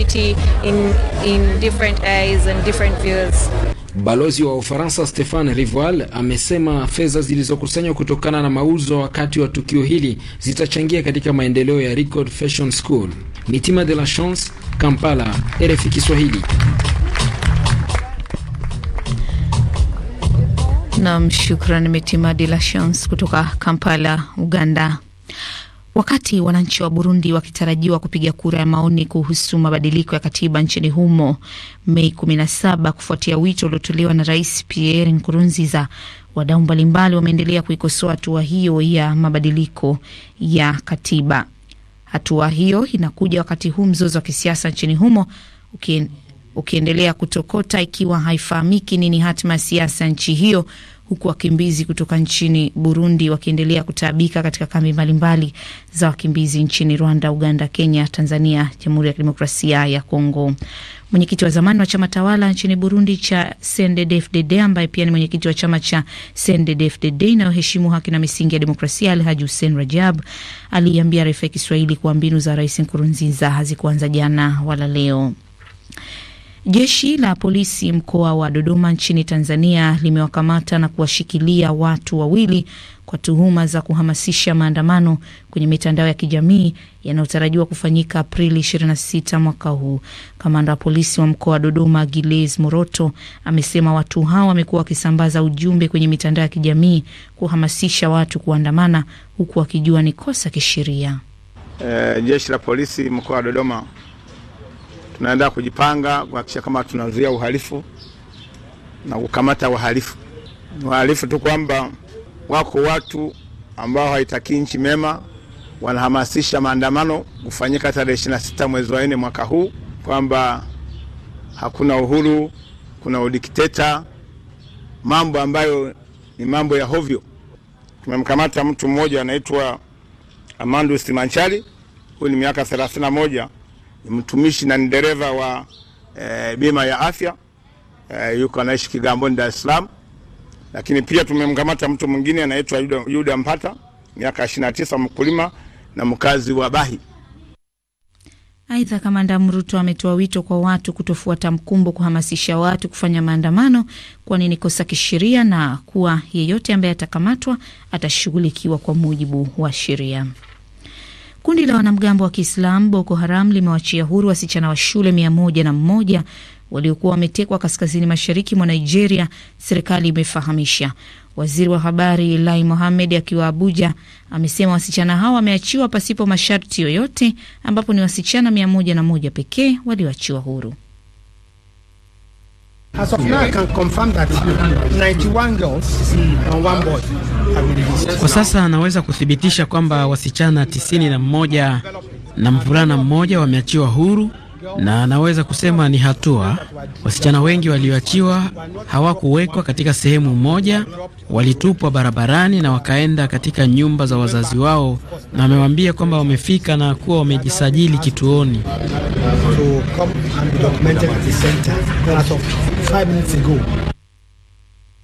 Balozi wa Ufaransa Stefan Rivoal amesema fedha zilizokusanywa kutokana na mauzo wakati wa tukio hili zitachangia katika maendeleo ya Record Fashion School. Mitima de la Chance, Kampala, RFI Kiswahili. Nam, shukran Mitima de la Chance kutoka Kampala, Uganda. Wakati wananchi wa Burundi wakitarajiwa kupiga kura ya maoni kuhusu mabadiliko ya katiba nchini humo Mei 17 kufuatia wito uliotolewa na Rais Pierre Nkurunziza, wadau mbalimbali wameendelea kuikosoa hatua hiyo ya mabadiliko ya katiba. Hatua hiyo inakuja wakati huu mzozo wa kisiasa nchini humo ukien, ukiendelea kutokota ikiwa haifahamiki nini hatima ya siasa nchi hiyo huku wakimbizi kutoka nchini Burundi wakiendelea kutaabika katika kambi mbalimbali za wakimbizi nchini Rwanda, Uganda, Kenya, Tanzania, Jamhuri ya Kidemokrasia ya Kongo. Mwenyekiti wa zamani wa chama tawala nchini Burundi cha CNDD-FDD ambaye pia ni mwenyekiti wa chama cha CNDD-FDD inayoheshimu haki na misingi ya demokrasia Alhaji Hussein Rajab aliiambia RFI Kiswahili kuwa mbinu za Rais Nkurunziza hazikuanza jana wala leo. Jeshi la polisi mkoa wa Dodoma nchini Tanzania limewakamata na kuwashikilia watu wawili kwa tuhuma za kuhamasisha maandamano kwenye mitandao ya kijamii yanayotarajiwa kufanyika Aprili 26 mwaka huu. Kamanda wa polisi wa mkoa wa Dodoma Giles Moroto amesema watu hao wamekuwa wakisambaza ujumbe kwenye mitandao ya kijamii kuhamasisha watu kuandamana, huku wakijua ni kosa kisheria. E, jeshi la polisi mkoa wa Dodoma tunaendelea kujipanga kuhakikisha kama tunazuia uhalifu na kukamata wahalifu. Wahalifu tu kwamba wako watu ambao haitaki nchi mema, wanahamasisha maandamano kufanyika tarehe sita mwezi wa nne mwaka huu, kwamba hakuna uhuru, kuna udikteta, mambo ambayo ni mambo ya hovyo. Tumemkamata mtu mmoja anaitwa Amandu Manchali, huyu ni miaka moja mtumishi na ni dereva wa e, bima ya afya e, yuko anaishi Kigamboni, Dar es Salaam. Lakini pia tumemkamata mtu mwingine anaitwa Yuda, Mpata miaka 29, mkulima na mkazi wa Bahi. Aidha, Kamanda Mruto ametoa wito kwa watu kutofuata mkumbo kuhamasisha watu kufanya maandamano, kwani ni kosa kisheria na kuwa yeyote ambaye atakamatwa atashughulikiwa kwa mujibu wa sheria. Kundi la wanamgambo wa Kiislamu Boko Haram limewachia huru wasichana wa shule mia moja na mmoja waliokuwa wametekwa kaskazini mashariki mwa Nigeria, serikali imefahamisha. Waziri wa habari Lai Mohamed akiwa Abuja amesema wasichana hao wameachiwa pasipo masharti yoyote, ambapo ni wasichana mia moja na moja pekee walioachiwa huru. As of now, I can confirm that 91 girls and one boy kwa sasa anaweza kuthibitisha kwamba wasichana tisini na mmoja na mvulana mmoja wameachiwa huru, na anaweza kusema ni hatua. Wasichana wengi walioachiwa hawakuwekwa katika sehemu moja, walitupwa barabarani na wakaenda katika nyumba za wazazi wao, na wamewaambia kwamba wamefika na kuwa wamejisajili kituoni.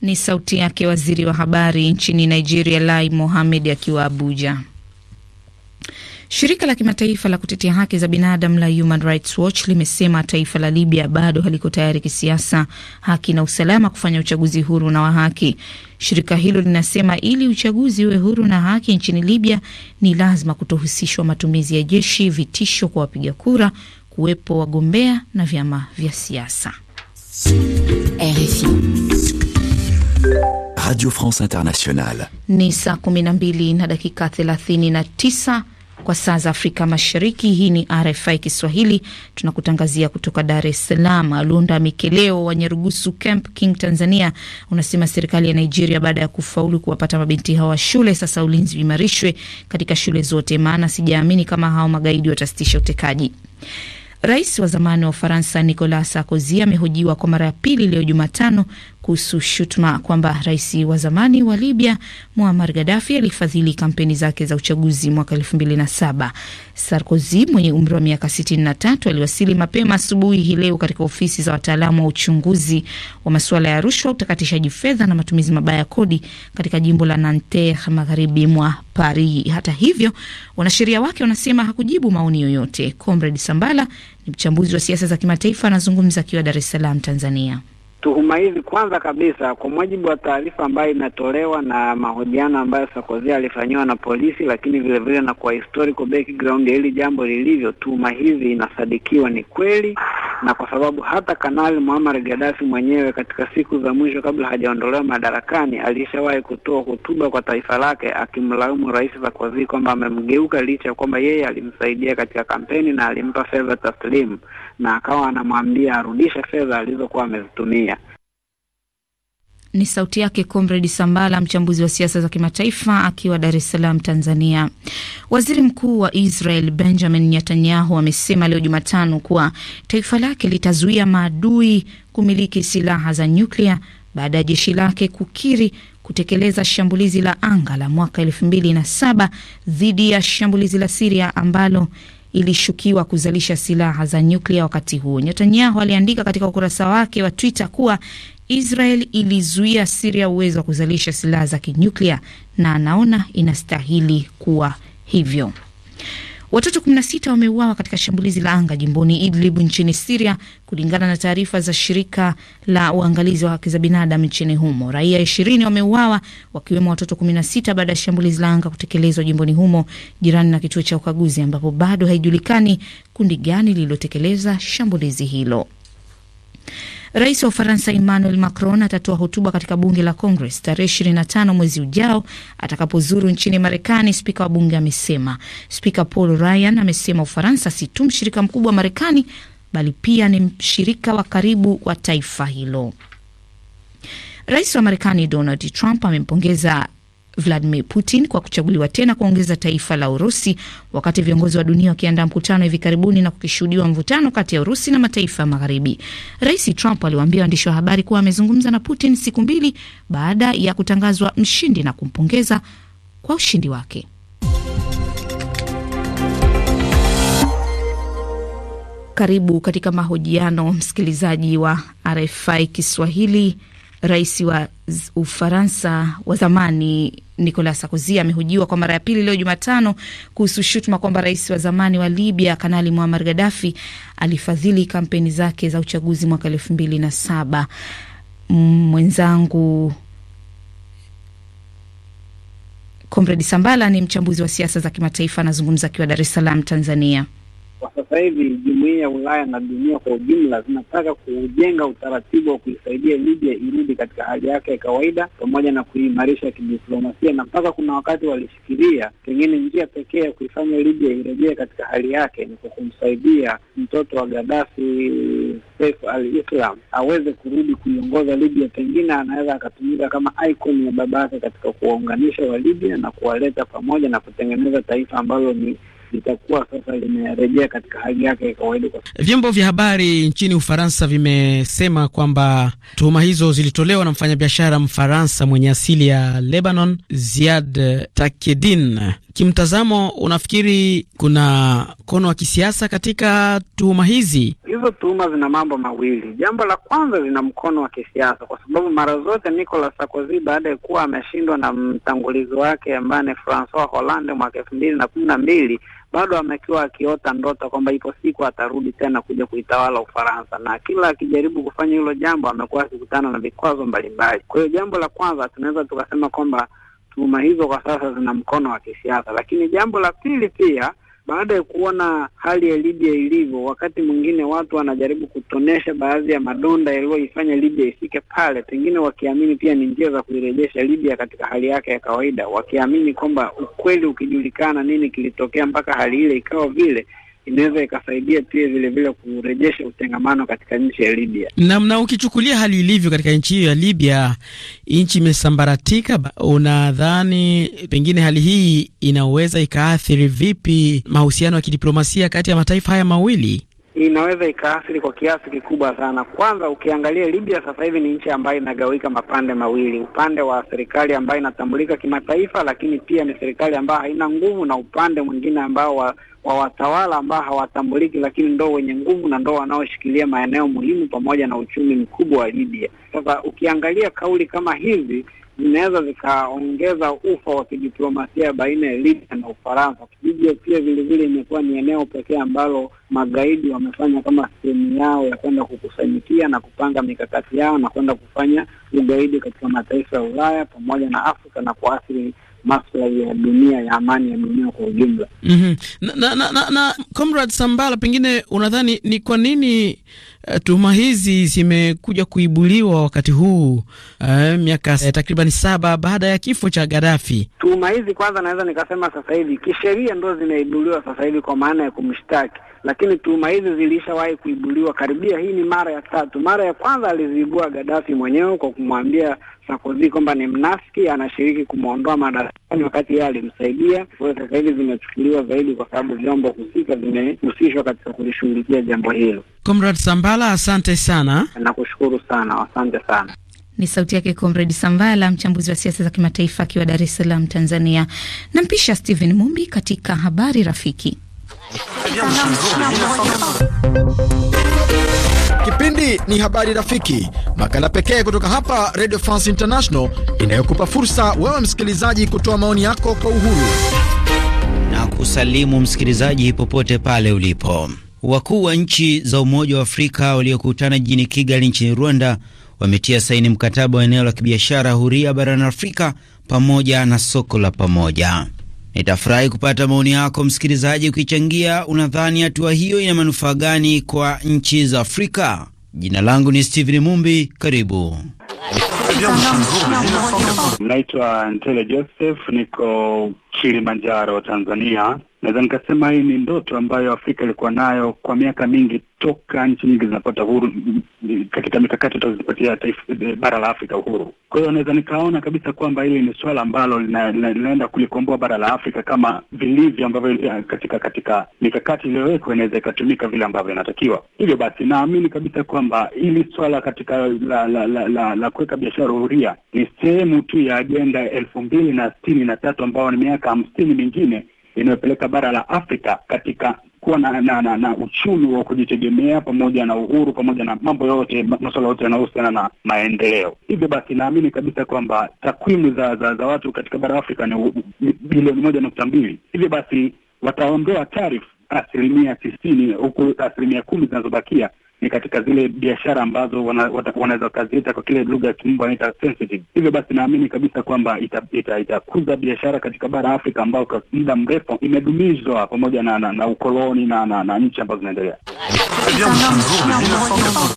Ni sauti yake waziri wa habari nchini Nigeria, Lai Mohamed akiwa Abuja. Shirika la kimataifa la kutetea haki za binadamu la Human Rights Watch limesema taifa la Libya bado haliko tayari kisiasa, haki na usalama kufanya uchaguzi huru na wa haki. Shirika hilo linasema ili uchaguzi uwe huru na haki nchini Libya ni lazima kutohusishwa matumizi ya jeshi, vitisho kwa wapiga kura, kuwepo wagombea na vyama vya siasa. RFI Radio France Internationale. Ni saa 12 na dakika 39 kwa saa za Afrika Mashariki. Hii ni RFI Kiswahili, tunakutangazia kutoka Dar es Salaam. Alunda Mikeleo wa Nyerugusu Camp King, Tanzania, unasema serikali ya Nigeria baada ya kufaulu kuwapata mabinti hawa shule, sasa ulinzi uimarishwe katika shule zote, maana sijaamini kama hao magaidi watasitisha utekaji. Rais wa zamani wa Ufaransa Nicolas Sarkozy amehojiwa kwa mara ya pili leo Jumatano kuhusu shutuma kwamba rais wa zamani wa Libya Muammar Gaddafi alifadhili kampeni zake za uchaguzi mwaka saba. Sarkozy mwenye umri wa miaka 63 aliwasili mapema asubuhi hii leo katika ofisi za wataalamu wa uchunguzi wa masuala ya rushwa, utakatishaji fedha na matumizi mabaya ya kodi katika jimbo la Nanterre magharibi mwa Paris. Hata hivyo, wanasheria wake wanasema hakujibu maoni yoyote. Comrade Sambala ni mchambuzi wa siasa za kimataifa, anazungumza akiwa Dar es Salaam, Tanzania. Tuhuma hizi kwanza kabisa, kwa mujibu wa taarifa ambayo inatolewa na mahojiano ambayo Sarkozy alifanyiwa na polisi, lakini vile vile na kwa historical background ya hili jambo lilivyo, tuhuma hizi inasadikiwa ni kweli, na kwa sababu hata Kanali Muammar Gaddafi mwenyewe katika siku za mwisho kabla hajaondolewa madarakani alishawahi kutoa hotuba kwa taifa lake akimlaumu Rais Sarkozy kwamba amemgeuka, licha ya kwamba yeye alimsaidia katika kampeni na alimpa fedha taslimu na akawa anamwambia arudishe fedha alizokuwa amezitumia. Ni sauti yake Comrade Sambala, mchambuzi wa siasa za kimataifa akiwa Dar es Salaam, Tanzania. Waziri Mkuu wa Israel Benjamin Netanyahu amesema leo Jumatano kuwa taifa lake litazuia maadui kumiliki silaha za nyuklia baada ya jeshi lake kukiri kutekeleza shambulizi la anga la mwaka elfu mbili na saba dhidi ya shambulizi la Siria ambalo ilishukiwa kuzalisha silaha za nyuklia wakati huo. Netanyahu aliandika katika ukurasa wake wa Twitter kuwa Israel ilizuia Siria uwezo wa kuzalisha silaha za kinyuklia na anaona inastahili kuwa hivyo. Watoto 16 wameuawa katika shambulizi la anga jimboni Idlib nchini Siria, kulingana na taarifa za shirika la uangalizi wa haki za binadamu nchini humo. Raia 20 wameuawa wakiwemo watoto 16 baada ya shambulizi la anga kutekelezwa jimboni humo, jirani na kituo cha ukaguzi, ambapo bado haijulikani kundi gani lililotekeleza shambulizi hilo. Rais wa Ufaransa Emmanuel Macron atatoa hotuba katika bunge la Congress tarehe 25 mwezi ujao atakapozuru nchini Marekani, spika wa bunge amesema. Spika Paul Ryan amesema Ufaransa si tu mshirika mkubwa wa Marekani bali pia ni mshirika wa karibu wa taifa hilo. Rais wa Marekani Donald Trump amempongeza Vladimir Putin kwa kuchaguliwa tena kuongeza taifa la Urusi, wakati viongozi wa dunia wakiandaa mkutano hivi karibuni na kukishuhudiwa mvutano kati ya Urusi na mataifa ya Magharibi. Rais Trump aliwaambia waandishi wa habari kuwa amezungumza na Putin siku mbili baada ya kutangazwa mshindi na kumpongeza kwa ushindi wake. Karibu katika mahojiano msikilizaji wa RFI Kiswahili. Rais wa Ufaransa wa zamani Nicolas Sarkozy amehujiwa kwa mara ya pili leo Jumatano kuhusu shutuma kwamba rais wa zamani wa Libya Kanali Muammar Gaddafi alifadhili kampeni zake za uchaguzi mwaka elfu mbili na saba. Mwenzangu Comredi Sambala ni mchambuzi wa siasa za kimataifa, anazungumza akiwa Dar es Salaam, Tanzania. Kwa sasa hivi jumuia ya Ulaya na dunia kwa ujumla zinataka kujenga utaratibu wa kuisaidia Libya irudi katika hali yake ya kawaida, pamoja na kuimarisha kidiplomasia, na mpaka kuna wakati walifikiria pengine njia pekee ya kuifanya Libya irejee katika hali yake ni kwa kumsaidia mtoto wa Gaddafi Saif al-Islam aweze kurudi kuiongoza Libya. Pengine anaweza akatumika kama icon ya babake katika kuwaunganisha wa Libya na kuwaleta pamoja na kutengeneza taifa ambalo ni litakuwa sasa limerejea katika hali yake ya kawaida. Vyombo vya habari nchini Ufaransa vimesema kwamba tuhuma hizo zilitolewa na mfanyabiashara Mfaransa mwenye asili ya Lebanon, Ziad Takedin. Kimtazamo, unafikiri kuna mkono wa kisiasa katika tuhuma hizi? Hizo tuhuma zina mambo mawili. Jambo la kwanza, zina mkono wa kisiasa, kwa sababu mara zote Nicolas Sarkozy baada ya kuwa ameshindwa na mtangulizi wake ambaye ni Francois Hollande mwaka elfu mbili na kumi na mbili bado amekiwa akiota ndoto kwamba ipo siku atarudi tena kuja kuitawala Ufaransa, na kila akijaribu kufanya hilo jambo amekuwa akikutana na vikwazo mbalimbali. Kwa hiyo jambo la kwanza tunaweza tukasema kwamba tuhuma hizo kwa sasa zina mkono wa kisiasa, lakini jambo la pili pia baada ya kuona hali ya Libya ilivyo, wakati mwingine watu wanajaribu kutonesha baadhi ya madonda yaliyoifanya Libya ifike pale, pengine wakiamini pia ni njia za kuirejesha Libya katika hali yake ya kawaida, wakiamini kwamba ukweli ukijulikana, nini kilitokea mpaka hali ile ikawa vile inaweza ikasaidia pia vile vile kurejesha utengamano katika nchi ya Libya. Na, na ukichukulia hali ilivyo katika nchi hiyo ya Libya, nchi imesambaratika, unadhani pengine hali hii inaweza ikaathiri vipi mahusiano ya kidiplomasia kati ya mataifa haya mawili? Inaweza ikaathiri kwa kiasi kikubwa sana. Kwanza ukiangalia Libya sasa hivi ni nchi ambayo inagawika mapande mawili, upande wa serikali ambayo inatambulika kimataifa, lakini pia ni serikali ambayo haina nguvu, na upande mwingine ambao wa wa watawala ambao hawatambuliki, lakini ndo wenye nguvu na ndo wanaoshikilia maeneo muhimu pamoja na uchumi mkubwa wa Libya. Sasa ukiangalia kauli kama hizi zinaweza zikaongeza ufa wa kidiplomasia baina ya Libya na Ufaransa. Libya pia vilevile imekuwa ni eneo pekee ambalo magaidi wamefanya kama sehemu yao ya kwenda kukusanyikia na kupanga mikakati yao na kwenda kufanya ugaidi katika mataifa ya Ulaya pamoja na Afrika na kuathiri maslahi ya dunia ya amani ya dunia kwa ujumla. mm -hmm. na, na, na, na Comrade Sambala, pengine unadhani ni kwa nini uh, tuhuma hizi zimekuja kuibuliwa wakati huu uh, miaka uh, takriban saba baada ya kifo cha Gaddafi? Tuhuma hizi kwanza, naweza nikasema sasa hivi kisheria ndo zinaibuliwa sasa hivi kwa maana ya kumshtaki lakini tuhuma hizi zilishawahi kuibuliwa karibia. Hii ni mara ya tatu. Mara ya kwanza aliziibua Gaddafi mwenyewe kwa kumwambia Sarkozy kwamba ni mnafiki, anashiriki kumwondoa madarakani wakati yeye alimsaidia. Kwa sasa hivi zimechukuliwa zaidi, kwa sababu vyombo husika vimehusishwa katika kulishughulikia jambo hilo. Comrade Sambala, asante sana. Nakushukuru sana, asante sana. Ni sauti yake Comrade Sambala, mchambuzi wa siasa za kimataifa akiwa Dar es Salaam, Tanzania. Nampisha Stephen Mumbi katika habari rafiki Kipindi ni Habari Rafiki, makala pekee kutoka hapa Radio France International inayokupa fursa wewe msikilizaji kutoa maoni yako kwa uhuru na kusalimu msikilizaji popote pale ulipo. Wakuu wa nchi za Umoja wa Afrika waliokutana jijini Kigali nchini Rwanda wametia saini mkataba wa eneo la kibiashara huria barani Afrika pamoja na soko la pamoja. Nitafurahi kupata maoni yako msikilizaji, ukichangia unadhani hatua hiyo ina manufaa gani kwa nchi za Afrika? Jina langu ni Steven Mumbi, karibu. Naitwa Ntele Joseph, niko Kilimanjaro, Tanzania. Naweza nikasema hii ni ndoto ambayo Afrika ilikuwa nayo kwa miaka mingi, toka nchi nyingi zinapata uhuru katika mikakati utazipatia taifa eh, bara la Afrika uhuru. Kwa hiyo naweza nikaona kabisa kwamba hili ni swala ambalo linaenda lina, lina kulikomboa bara la Afrika kama vilivyo ambavyo eh, katika katika mikakati iliyowekwa inaweza ikatumika vile ambavyo inatakiwa. Hivyo basi naamini kabisa kwamba hili swala katika la la, la, la, la kuweka biashara huria ni sehemu tu ya ajenda elfu mbili na sitini na tatu ambao ni miaka hamsini mingine inayopeleka bara la Afrika katika kuwa na, na, na, na uchumi wa kujitegemea pamoja na uhuru pamoja na mambo yote masuala yote yanayohusiana na maendeleo. Hivyo basi naamini kabisa kwamba takwimu za, za za watu katika bara Afrika ni bilioni moja nukta mbili. Hivyo basi wataondoa tarifu asilimia tisini huku asilimia kumi zinazobakia ni katika zile biashara ambazo wanaweza wana wakaziita kwa kile lugha ya kimombo wanaita sensitive. Hivyo basi naamini kabisa kwamba itakuza ita, ita biashara katika bara Afrika ambayo kwa muda mrefu imedumizwa pamoja na, na, na ukoloni na, na, na nchi ambazo zinaendelea.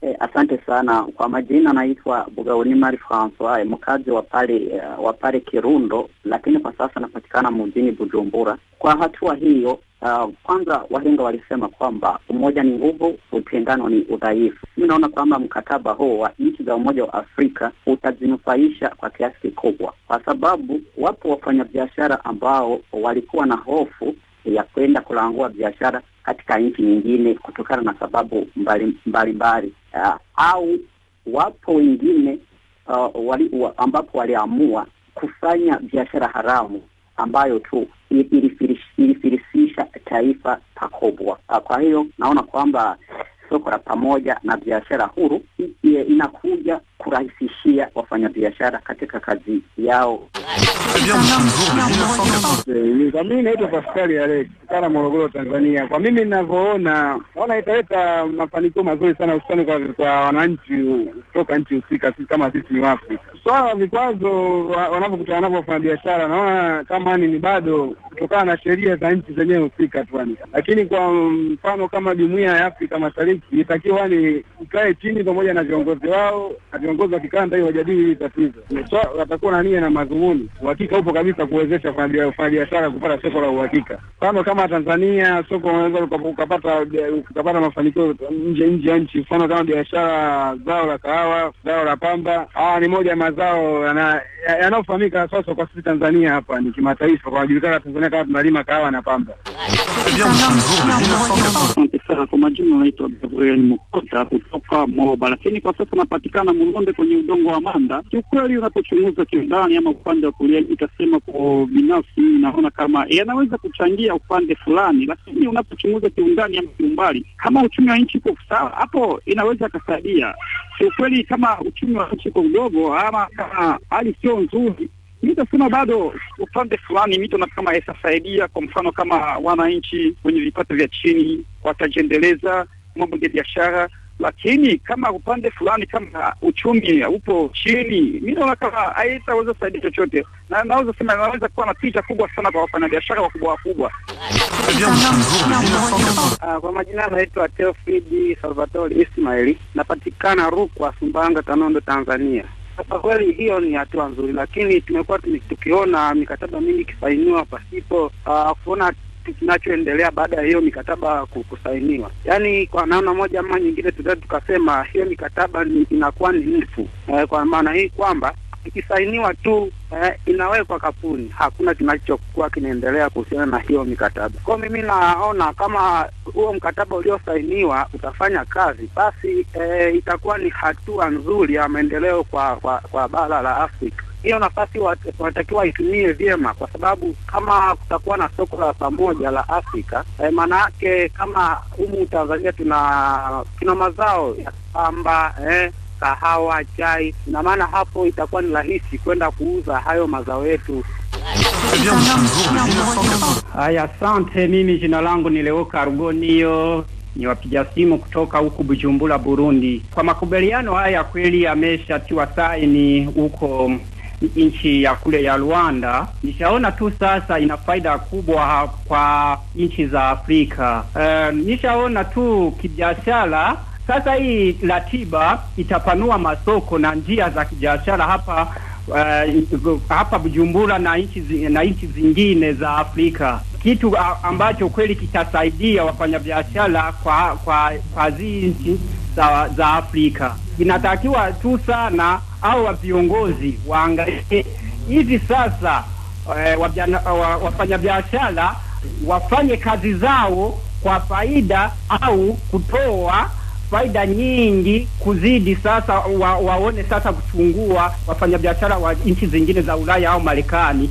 Eh, asante sana kwa majina, anaitwa Mari Francois, mkazi wa pale eh, wa pale Kirundo, lakini kwa sasa napatikana mjini Bujumbura. Kwa hatua hiyo Uh, kwanza wahenga walisema kwamba umoja ni nguvu, utengano ni udhaifu. Mimi naona kwamba mkataba huu wa nchi za Umoja wa Afrika utazinufaisha kwa kiasi kikubwa, kwa sababu wapo wafanyabiashara ambao walikuwa na hofu ya kwenda kulangua biashara katika nchi nyingine kutokana na sababu mbalimbali mbali. Uh, au wapo wengine uh, wali, ambapo waliamua kufanya biashara haramu ambayo tu ilifirisisha taifa pakubwa. Kwa hiyo naona kwamba soko la pamoja na biashara huru eh, inakuja kurahisishia wafanyabiashara katika kazi yao. Mimi naitwa Paskali Ale sana Morogoro, Tanzania. Kwa mimi ninavyoona, naona italeta mafanikio mazuri sana, hususani kwa wananchi kutoka nchi husika. Sisi kama sisi ni wapi swala la vikwazo wanavyokutana navyo wafanyabiashara, naona kama ni bado kutokana na sheria za nchi zenyewe husika tu, lakini kwa mfano kama jumuiya ya Afrika Mashariki itakiwa ni ikae chini pamoja na viongozi wao na viongozi wa kikanda hiyo wajadili hili tatizo, watakuwa na nia na madhumuni. Uhakika upo kabisa kuwezesha wafanyabiashara kupata soko la uhakika. Mfano kama Tanzania, soko unaweza ukapata ukapata mafanikio nje nje ya nchi, mfano kama biashara zao la kahawa, zao la pamba. Haya ni moja ya mazao yanayofahamika sasa kwa sisi Tanzania hapa ni kimataifa, wanajulikana Tanzania kama tunalima kahawa na pamba. Asante sana. Kwa majina naitwa Gabriel Mkota kutoka Moba, lakini kwa sasa napatikana ng'ombe kwenye udongo wa manda. Kiukweli, unapochunguza kiundani ama upande wa kulia, nitasema kwa binafsi naona kama yanaweza kuchangia upande fulani, lakini unapochunguza kiundani ama kiumbali, kama uchumi wa nchi uko sawa, hapo inaweza kasaidia. Kiukweli, kama uchumi wa nchi uko mdogo ama kama hali sio nzuri Nitasema bado upande fulani mito na kama itasaidia. Kwa mfano kama wananchi wenye vipato vya chini watajiendeleza mambo ya biashara lakini kama upande fulani kama uchumi upo chini, mi naona kama haitaweza kusaidia chochote, na naweza sema inaweza kuwa na picha kubwa sana kwa wafanyabiashara wakubwa wakubwa. Ah, kwa majina anaitwa Teofidi Salvatori Ismaili, napatikana Rukwa, sumbanga Tanondo, Tanzania. Kwa kweli hiyo ni hatua nzuri, lakini tumekuwa tukiona mikataba mingi ikisainiwa pasipo uh, kuona kipi kinachoendelea baada ya hiyo mikataba kusainiwa. Yaani, kwa namna moja ama nyingine, tunaweza tukasema hiyo mikataba ni inakuwa ni mfu eh, kwa maana hii kwamba ikisainiwa tu eh, inawekwa kapuni, hakuna kinachokuwa kinaendelea kuhusiana na hiyo mikataba. Kwa mimi naona kama huo mkataba uliosainiwa utafanya kazi, basi eh, itakuwa ni hatua nzuri ya maendeleo kwa, kwa, kwa bara la Afrika hiyo nafasi wanatakiwa itumie vyema, kwa sababu kama kutakuwa na soko la pamoja la Afrika eh, maana yake kama humu Tanzania tuna tuna mazao ya pamba eh, kahawa, chai, na maana hapo itakuwa ni rahisi kwenda kuuza hayo mazao yetu. Haya, asante. Mimi jina langu ni Leoka Rugonio, ni wapiga simu kutoka huku Bujumbura, Burundi. Kwa makubaliano haya kweli yameshatiwa saini huko nchi ya kule ya Rwanda, nishaona tu sasa ina faida kubwa kwa nchi za Afrika. Uh, nishaona tu kibiashara sasa hii ratiba itapanua masoko na njia za kibiashara hapa uh, hapa Bujumbura na nchi na nchi zingine za Afrika, kitu ambacho kweli kitasaidia wafanyabiashara kwa kwa, kwa nchi za, za Afrika. Inatakiwa tu sana au wa viongozi waangalie hivi sasa eh, wafanyabiashara wafanye kazi zao kwa faida au kutoa faida nyingi kuzidi sasa wa, waone sasa kuchungua wafanyabiashara wa nchi zingine za Ulaya au Marekani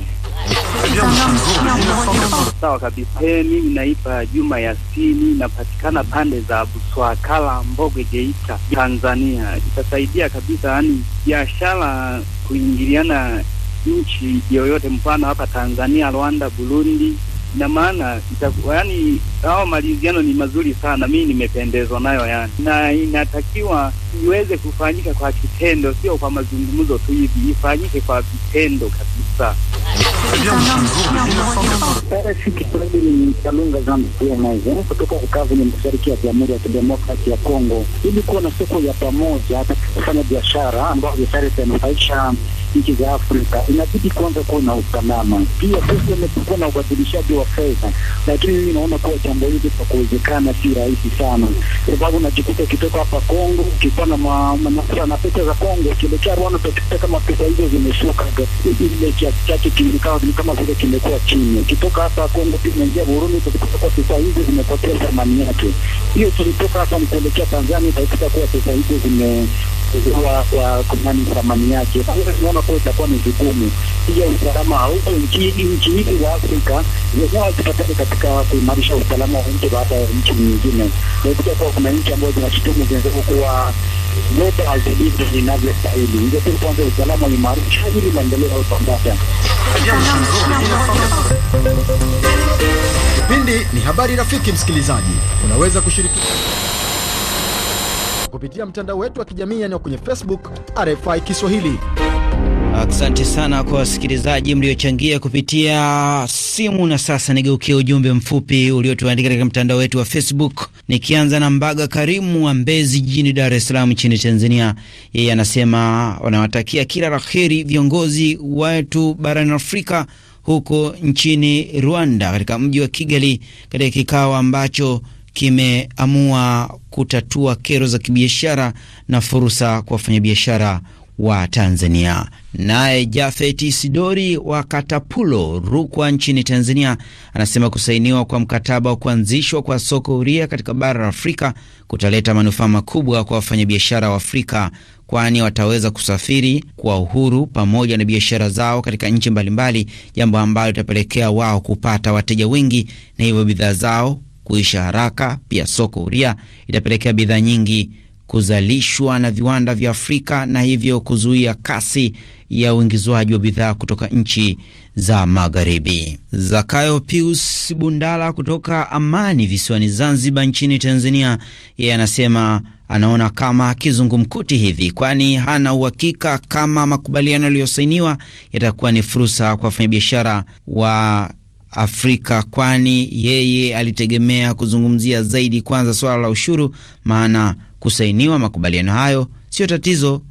Sawa kabisa. Mimi naipa Juma Yasini, napatikana pande za Buswakala, Mboge, Geita, Tanzania. Itasaidia kabisa, yani biashara kuingiliana nchi yoyote, mfano hapa Tanzania, Rwanda, Burundi na maana yaani, hao maliziano ni mazuri sana, mi nimependezwa nayo yani, na inatakiwa iweze kufanyika kwa kitendo, sio kwa mazungumzo tu hivi, ifanyike kwa vitendo kabisa. Kalunga mashariki ya Jamhuri ya Kidemokrasi ya Kongo, ili kuwa na soko ya pamoja kufanya biashara ambayo biashara itanufaisha nchi za Afrika, inabidi kwanza kuwa na usalama. Pia sisi tumekuwa na ubadilishaji wa fedha, lakini mimi naona kuwa jambo hili kwa kuwezekana si rahisi sana, kwa sababu unajikuta ukitoka hapa Kongo ukiwa na na pesa za Kongo ukielekea Rwanda utakuta kama pesa hizo zimeshuka, ile kiasi chake kilikawa ni kama vile kimekuwa chini. Ukitoka hapa Kongo pia unaingia Burundi utakuta kwa pesa hizo zimepotea thamani yake. Hiyo tulitoka hapa mkuelekea Tanzania utakuta kuwa pesa hizo zime wa kumani thamani yake. Naona kwa itakuwa ni vigumu, pia usalama hauko nchi nchi hizi za Afrika zenyewe hazipatikani katika kuimarisha usalama wa nchi baada ya nchi nyingine. Nakuja kuwa kuna nchi ambazo zinashutumu zinazao kuwa leta azilivyo inavyostahili. Ndio tu kwanza usalama uimarisha ili maendeleo ya utambata Kipindi ni habari rafiki msikilizaji, unaweza kushiriki kupitia mtandao wetu wa kijamii yani kwenye Facebook RFI Kiswahili. Asante sana kwa wasikilizaji mliochangia kupitia simu. Na sasa nigeukie ujumbe mfupi uliotuandika katika mtandao wetu wa Facebook, nikianza na Mbaga Karimu wa Mbezi jijini Dar es Salaam nchini Tanzania. Yeye anasema wanawatakia kila la heri viongozi wetu barani Afrika huko nchini Rwanda, katika mji wa Kigali, katika kikao ambacho kimeamua kutatua kero za kibiashara na fursa kwa wafanyabiashara wa Tanzania. Naye Jafeti Sidori wa Katapulo, Rukwa, nchini Tanzania, anasema kusainiwa kwa mkataba wa kuanzishwa kwa soko huria katika bara la Afrika kutaleta manufaa makubwa kwa wafanyabiashara wa Afrika, kwani wataweza kusafiri kwa uhuru pamoja na biashara zao katika nchi mbalimbali, jambo ambalo litapelekea wao kupata wateja wengi na hivyo bidhaa zao kuisha haraka. Pia soko huria itapelekea bidhaa nyingi kuzalishwa na viwanda vya Afrika na hivyo kuzuia kasi ya uingizwaji wa bidhaa kutoka nchi za magharibi. Zakayo Pius Bundala kutoka Amani visiwani Zanzibar nchini Tanzania, yeye anasema anaona kama kizungumkuti hivi, kwani hana uhakika kama makubaliano yaliyosainiwa yatakuwa ni fursa kwa wafanyabiashara wa Afrika, kwani yeye alitegemea kuzungumzia zaidi kwanza suala la ushuru, maana kusainiwa makubaliano hayo sio tatizo,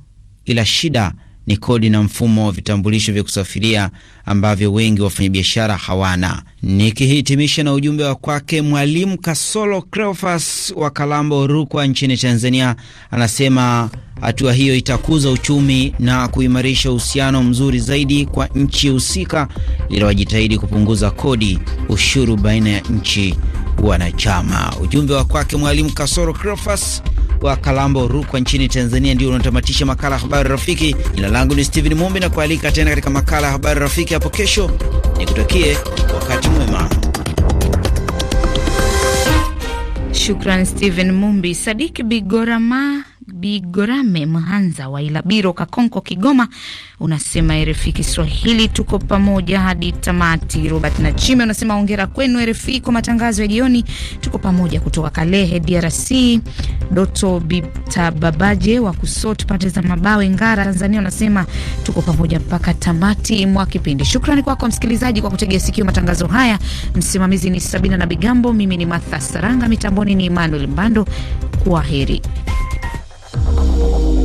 ila shida ni kodi na mfumo wa vitambulisho vya kusafiria ambavyo wengi wafanyabiashara hawana. Nikihitimisha na ujumbe wa kwake Mwalimu Kasolo crofas wa Kalambo, Rukwa nchini Tanzania, anasema hatua hiyo itakuza uchumi na kuimarisha uhusiano mzuri zaidi kwa nchi husika iliyojitahidi kupunguza kodi, ushuru baina ya nchi wanachama. Ujumbe wa kwake Mwalimu Kasolo Cleofas wa Kalambo, Rukwa nchini Tanzania. Ndio unatamatisha makala ya habari rafiki. Jina langu ni Steven Mumbi na kualika tena katika makala ya habari rafiki hapo kesho. Nikutakie wakati mwema. Shukran Steven Mumbi. Sadiki Bigorama Bigorame Mhanza wa Ilabiro, Kakonko, Kigoma, unasema RFI Kiswahili tuko pamoja hadi tamati. Robert Nachime unasema ongera kwenu RFI kwa matangazo ya jioni, tuko pamoja kutoka Kalehe, DRC. Doto Babaje wa Kusot, pate za Mabawe, Ngara, Tanzania, unasema tuko pamoja mpaka tamati mwa kipindi. Shukrani kwako kwa msikilizaji kwa kutegea sikio matangazo haya. Msimamizi ni Sabina na Bigambo, mimi ni Martha Saranga, mitamboni ni Emmanuel Mbando. heri. Thank you.